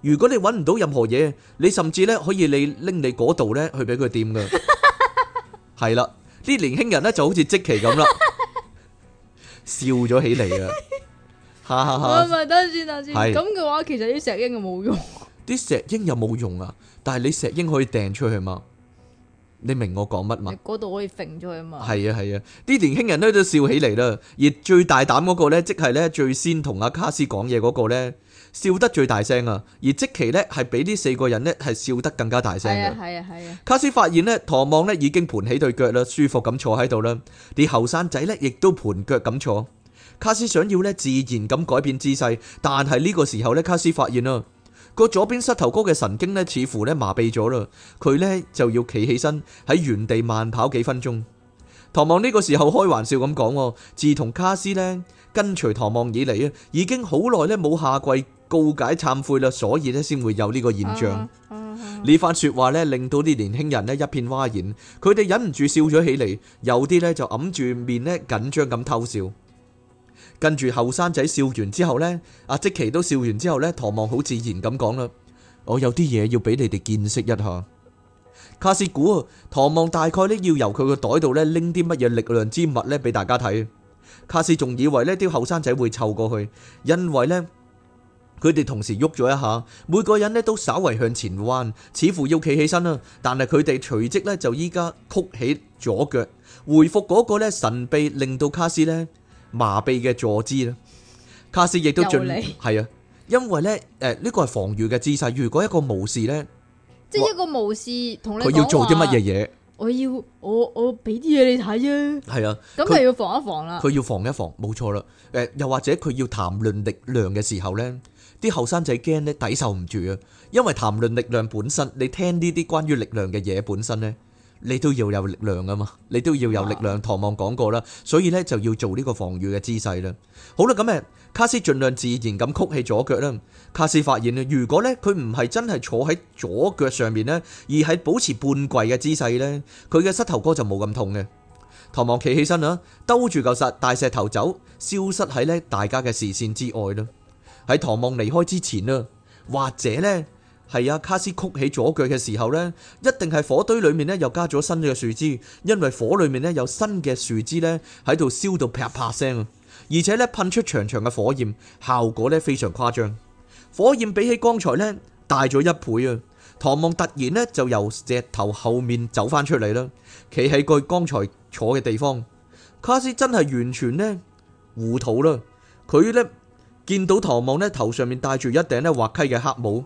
如果你揾唔到任何嘢，你甚至呢可以你拎你嗰度呢去俾佢掂噶。係啦，啲年輕人呢就好似積奇咁啦，笑咗起嚟啊！我咪得先，得先。咁嘅話，其實啲石英有冇用，啲石英有冇用啊？但係你石英可以掟出，出去嘛？你明我講乜嘛？嗰度可以揈出去嘛？係啊係啊，啲、啊、年輕人咧都笑起嚟啦。而最大膽嗰、嗰個咧，即係咧最先同阿卡斯講嘢嗰個咧，笑得最大聲啊！而即期咧係俾呢四個人咧係笑得更加大聲嘅。係啊係啊。啊啊卡斯發現咧，唐望咧已經盤起對腳啦，舒服咁坐喺度啦。啲後生仔咧亦都盤腳咁坐。卡斯想要咧自然咁改變姿勢，但係呢個時候咧，卡斯發現啊。個左邊膝頭哥嘅神經咧，似乎咧麻痹咗啦。佢咧就要企起身喺原地慢跑幾分鐘。唐望呢個時候開玩笑咁講：自從卡斯咧跟隨唐望以嚟啊，已經好耐咧冇下跪告解懺悔啦，所以咧先會有呢個現象。呢、嗯嗯嗯、番說話咧，令到啲年輕人呢一片嘩然，佢哋忍唔住笑咗起嚟，有啲咧就揞住面咧緊張咁偷笑。跟住後生仔笑完之後呢，阿、啊、積奇都笑完之後呢，唐望好自然咁講啦：我有啲嘢要俾你哋見識一下。卡斯估，唐望大概呢要由佢個袋度呢拎啲乜嘢力量之物呢俾大家睇。卡斯仲以為呢啲後生仔會湊過去，因為呢，佢哋同時喐咗一下，每個人呢都稍微向前彎，似乎要企起身啦。但係佢哋隨即呢就依家曲起左腳，回復嗰個呢神秘，令到卡斯呢。麻痹嘅坐姿啦，卡斯亦都盡力係啊，因為咧，誒呢個係防禦嘅姿勢。如果一個巫士咧，即係一個巫士同你，佢要做啲乜嘢嘢？我要我我俾啲嘢你睇啊！係啊，咁佢要防一防啦。佢要防一防，冇錯啦。誒，又或者佢要談論力量嘅時候咧，啲後生仔驚咧抵受唔住啊，因為談論力量本身，你聽呢啲關於力量嘅嘢本身咧。你都要有力量噶嘛，你都要有力量。唐望講過啦，所以咧就要做呢個防御嘅姿勢啦。好啦，咁誒，卡斯盡量自然咁曲起左腳啦。卡斯發現咧，如果咧佢唔係真係坐喺左腳上面咧，而係保持半跪嘅姿勢咧，佢嘅膝頭哥就冇咁痛嘅。唐望企起身啦，兜住嚿石大石頭走，消失喺咧大家嘅視線之外啦。喺唐望離開之前啦，或者咧。係啊，卡斯曲起左腳嘅時候呢，一定係火堆裏面呢又加咗新嘅樹枝，因為火裏面呢有新嘅樹枝呢喺度燒到啪啪聲啊，而且呢噴出長長嘅火焰，效果呢非常誇張。火焰比起剛才呢大咗一倍啊。唐望突然呢就由石頭後面走翻出嚟啦，企喺佢剛才坐嘅地方。卡斯真係完全呢糊塗啦，佢呢見到唐望呢頭上面戴住一頂呢滑稽嘅黑帽。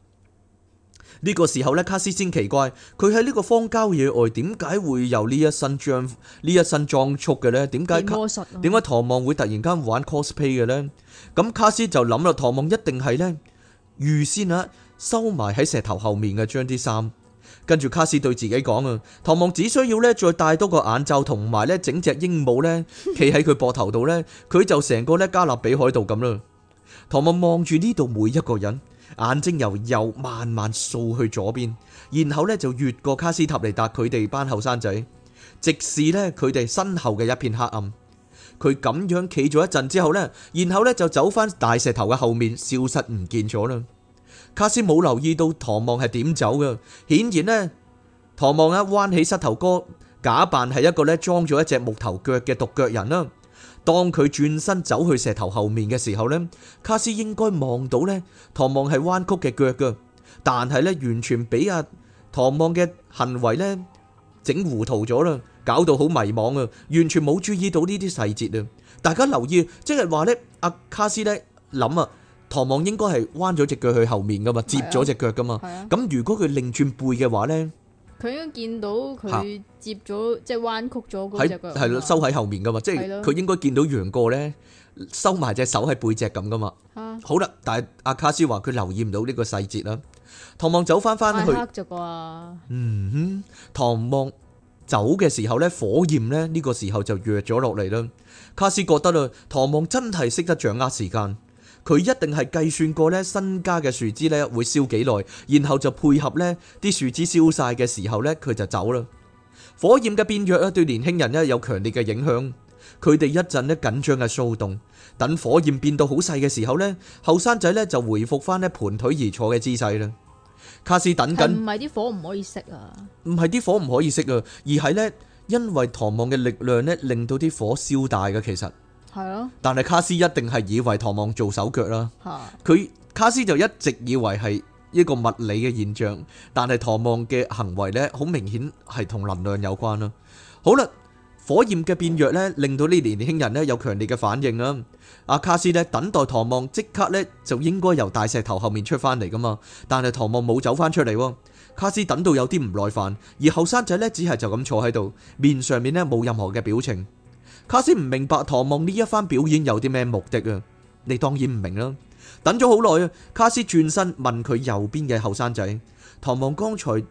呢個時候咧，卡斯先奇怪，佢喺呢個荒郊野外，點解會有呢一身裝呢一身裝束嘅咧？點解點解唐望會突然間玩 cosplay 嘅咧？咁卡斯就諗啦，唐望一定係咧預先啊收埋喺石頭後面嘅張啲衫。跟住卡斯對自己講啊，唐望只需要咧再戴多個眼罩，同埋咧整隻鸚鵡咧，企喺佢膊頭度咧，佢就成個咧加勒比海盜咁啦。唐望望住呢度每一個人。眼睛由右慢慢掃去左邊，然後咧就越過卡斯塔尼達佢哋班後生仔，直視咧佢哋身後嘅一片黑暗。佢咁樣企咗一陣之後呢，然後咧就走翻大石頭嘅後面，消失唔見咗啦。卡斯冇留意到唐望係點走噶，顯然呢，唐望啊彎起膝頭哥，假扮係一個咧裝咗一隻木頭腳嘅獨腳人啦。當佢轉身走去石頭後面嘅時候呢，卡斯應該望到呢唐望係彎曲嘅腳噶，但係呢完全俾阿唐望嘅行為呢整糊塗咗啦，搞到好迷茫啊，完全冇注意到呢啲細節啊！大家留意，即係話呢阿卡斯呢諗啊，唐望應該係彎咗隻腳去後面噶嘛，接咗隻腳噶嘛，咁如果佢擰轉背嘅話呢。佢已經見到佢接咗，啊、即係彎曲咗嗰隻腳係咯，收喺後面噶嘛。啊、即係佢應該見到楊過咧收埋隻手喺背脊咁噶嘛。啊、好啦，但係阿卡斯話佢留意唔到呢個細節啦。唐望走翻翻去，哎、太黑咗啩。嗯哼，唐望走嘅時候咧，火焰咧呢個時候就弱咗落嚟啦。卡斯覺得啦，唐望真係識得掌握時間。佢一定係計算過咧，新加嘅樹枝咧會燒幾耐，然後就配合咧啲樹枝燒晒嘅時候咧，佢就走啦。火焰嘅變弱啊，對年輕人咧有強烈嘅影響。佢哋一陣咧緊張嘅騷動，等火焰變到好細嘅時候呢，後生仔咧就回復翻呢盤腿而坐嘅姿勢啦。卡斯等緊，唔係啲火唔可以熄啊，唔係啲火唔可以熄啊，而係呢，因為唐望嘅力量呢令到啲火燒大嘅其實。係咯，但係卡斯一定係以為唐望做手腳啦。佢卡斯就一直以為係一個物理嘅現象，但係唐望嘅行為呢，好明顯係同能量有關啦。好啦，火焰嘅變弱呢，令到呢年年輕人呢有強烈嘅反應啦。阿卡斯呢等待唐望即刻呢就應該由大石頭後面出翻嚟噶嘛，但係唐望冇走翻出嚟。卡斯等到有啲唔耐煩，而後生仔呢只係就咁坐喺度，面上面呢冇任何嘅表情。卡斯唔明白唐望呢一番表演有啲咩目的啊？你當然唔明啦。等咗好耐啊！卡斯轉身問佢右邊嘅後生仔：唐望剛才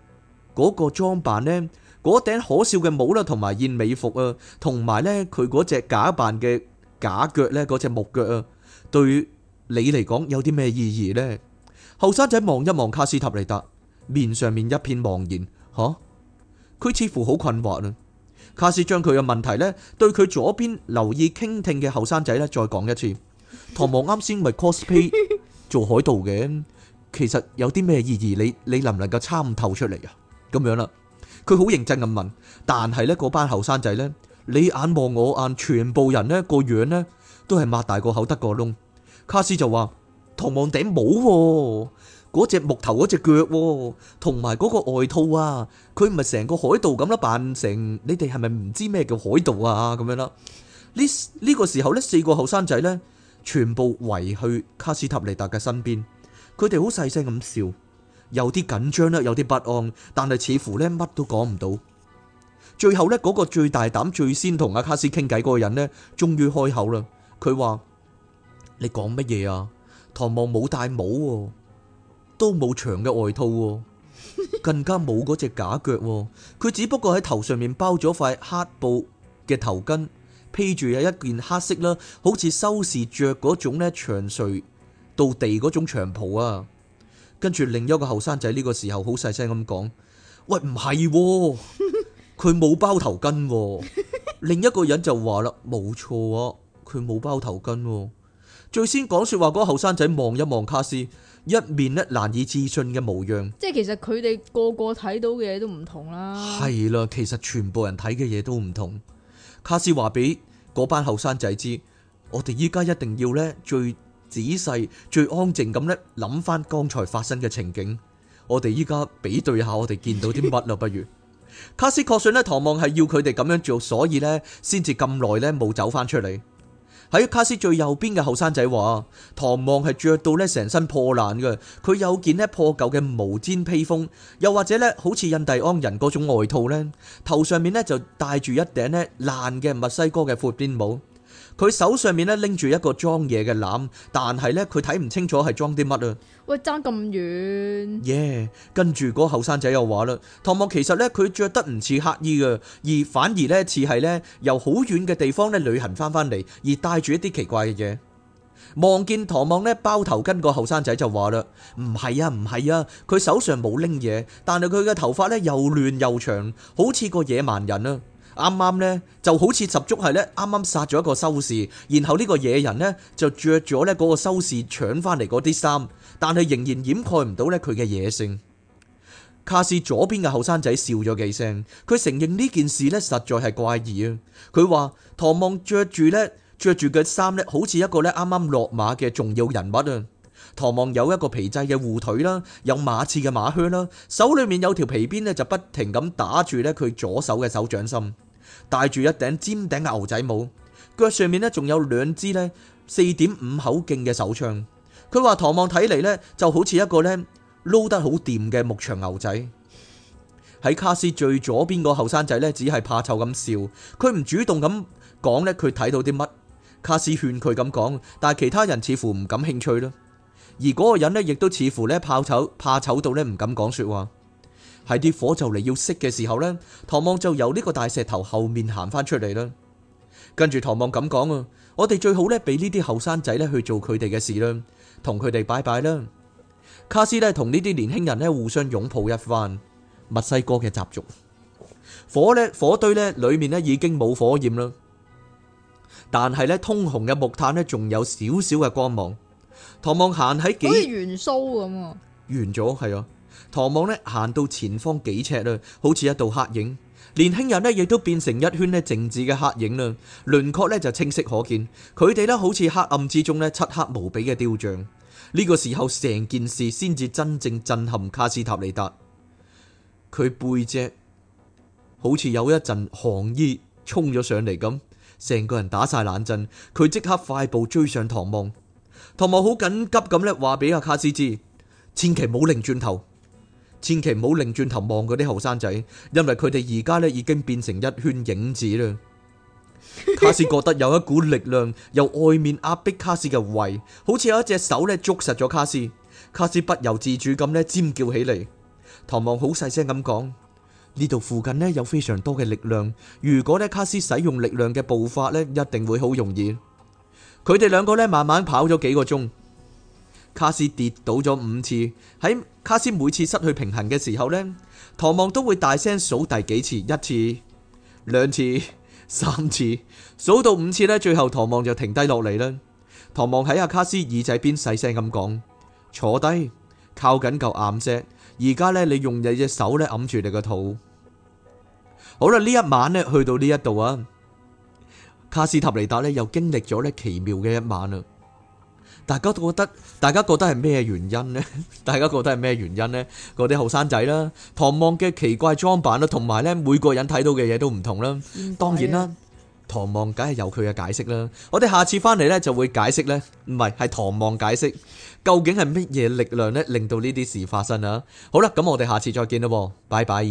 嗰個裝扮呢，嗰頂可笑嘅帽啦，同埋燕尾服啊，同埋呢佢嗰隻假扮嘅假腳呢，嗰隻木腳啊，對於你嚟講有啲咩意義呢？」後生仔望一望卡斯塔尼達，面上面一片茫然，吓、啊？佢似乎好困惑啊！卡斯將佢嘅問題咧，對佢左邊留意傾聽嘅後生仔咧再講一次。唐 望啱先咪 cosplay 做海盜嘅，其實有啲咩意義？你你能唔能夠參透出嚟啊？咁樣啦，佢好認真咁問。但係呢嗰班後生仔呢，你眼望我眼，全部人呢個樣呢都係擘大個口得個窿。卡斯就話：唐望頂帽、哦。嗰隻木頭嗰隻腳，同埋嗰個外套啊，佢唔係成個海盜咁啦，扮成，你哋係咪唔知咩叫海盜啊，咁樣啦？呢呢個時候咧，四個後生仔咧，全部圍去卡斯塔尼達嘅身邊，佢哋好細聲咁笑，有啲緊張啦，有啲不安，但係似乎咧乜都講唔到。最後咧，嗰個最大膽、最先同阿卡斯傾偈嗰個人咧，終於開口啦。佢話：你講乜嘢啊？唐望冇戴帽喎。都冇長嘅外套，更加冇嗰隻假腳。佢只不過喺頭上面包咗塊黑布嘅頭巾，披住有一件黑色啦，好似修士着嗰種呢，長垂到地嗰種長袍啊。跟住另一個後生仔呢個時候好細聲咁講：喂，唔係啊，佢冇包頭巾。另一個人就話啦：冇錯啊，佢冇包頭巾。最先講說話嗰個後生仔望一望卡斯。一面咧難以置信嘅模樣，即係其實佢哋個個睇到嘅嘢都唔同啦。係啦，其實全部人睇嘅嘢都唔同。卡斯話俾嗰班後生仔知，我哋依家一定要咧最仔細、最安靜咁咧諗翻剛才發生嘅情景。我哋依家比對下我哋見到啲乜啦， 不如卡斯確信咧，唐望係要佢哋咁樣做，所以咧先至咁耐咧冇走翻出嚟。喺卡斯最右邊嘅後生仔話：唐望係着到咧成身破爛嘅，佢有件咧破舊嘅毛氈披風，又或者咧好似印第安人嗰種外套咧，頭上面咧就戴住一頂咧爛嘅墨西哥嘅闊邊帽。佢手上面咧拎住一個裝嘢嘅籃，但係咧佢睇唔清楚係裝啲乜啊！喂，差咁遠。耶，跟住個後生仔又話啦，唐望其實咧佢着得唔似乞衣噶，而反而咧似係咧由好遠嘅地方咧旅行翻翻嚟，而帶住一啲奇怪嘅嘢。望見唐望咧包頭巾個後生仔就話啦，唔係啊唔係啊，佢手上冇拎嘢，但係佢嘅頭髮咧又亂又長，好似個野蠻人啊！啱啱呢就好似十足係呢啱啱殺咗一個修士，然後呢個野人呢就着咗呢嗰個修士搶翻嚟嗰啲衫，但係仍然掩蓋唔到呢佢嘅野性。卡士左邊嘅後生仔笑咗幾聲，佢承認呢件事呢實在係怪異啊！佢話唐望着住呢着住嘅衫呢好似一個呢啱啱落馬嘅重要人物啊！唐望有一個皮製嘅護腿啦，有馬刺嘅馬靴啦，手裏面有條皮鞭呢就不停咁打住呢佢左手嘅手掌心。戴住一頂尖頂嘅牛仔帽，腳上面呢仲有兩支呢四點五口徑嘅手槍。佢話唐望睇嚟呢就好似一個呢撈得好掂嘅牧場牛仔。喺卡斯最左邊個後生仔呢，只係怕醜咁笑，佢唔主動咁講呢，佢睇到啲乜？卡斯勸佢咁講，但係其他人似乎唔感興趣囉。而嗰個人呢，亦都似乎呢怕醜，怕醜到呢唔敢講說話。喺啲火就嚟要熄嘅時候呢，唐望就由呢個大石頭後面行翻出嚟啦。跟住唐望咁講啊，我哋最好呢俾呢啲後生仔呢去做佢哋嘅事啦，同佢哋拜拜啦。卡斯呢同呢啲年輕人呢互相擁抱一番，墨西哥嘅習俗。火呢火堆呢裏面呢已經冇火焰啦，但係呢通紅嘅木炭呢仲有少少嘅光芒。唐望行喺幾，好似燃酥咁，完咗係啊。唐望咧行到前方幾尺啦，好似一道黑影。年輕人呢，亦都變成一圈咧靜止嘅黑影啦，輪廓呢，就清晰可見。佢哋呢，好似黑暗之中咧漆黑無比嘅雕像。呢個時候，成件事先至真正震撼卡斯塔尼達。佢背脊好似有一陣寒意沖咗上嚟咁，成個人打晒冷震。佢即刻快步追上唐望。唐望好緊急咁呢話俾阿卡斯知，千祈冇擰轉頭。千祈唔好擰轉頭望嗰啲後生仔，因為佢哋而家咧已經變成一圈影子啦。卡斯覺得有一股力量由外面壓迫卡斯嘅胃，好似有一隻手咧捉實咗卡斯。卡斯不由自主咁咧尖叫起嚟。唐望好細聲咁講，呢度附近呢有非常多嘅力量，如果呢卡斯使用力量嘅步伐呢，一定會好容易。佢哋兩個呢慢慢跑咗幾個鐘。卡斯跌倒咗五次，喺卡斯每次失去平衡嘅時候呢，唐望都會大聲數第幾次，一次、兩次、三次，數到五次呢，最後唐望就停低落嚟啦。唐望喺阿卡斯耳仔邊細聲咁講：坐低，靠緊嚿岩啫。而家呢，你用你隻手咧揞住你個肚。好啦，呢一晚呢，去到呢一度啊，卡斯塔尼達呢，又經歷咗呢奇妙嘅一晚啦。大家都覺得，大家覺得係咩原因呢？ 大家覺得係咩原因呢？嗰啲後生仔啦，唐望嘅奇怪裝扮啦，同埋咧每個人睇到嘅嘢都唔同啦。嗯、當然啦，啊、唐望梗係有佢嘅解釋啦。我哋下次翻嚟咧就會解釋咧，唔係係唐望解釋究竟係乜嘢力量咧令到呢啲事發生啊！好啦，咁我哋下次再見啦，拜拜。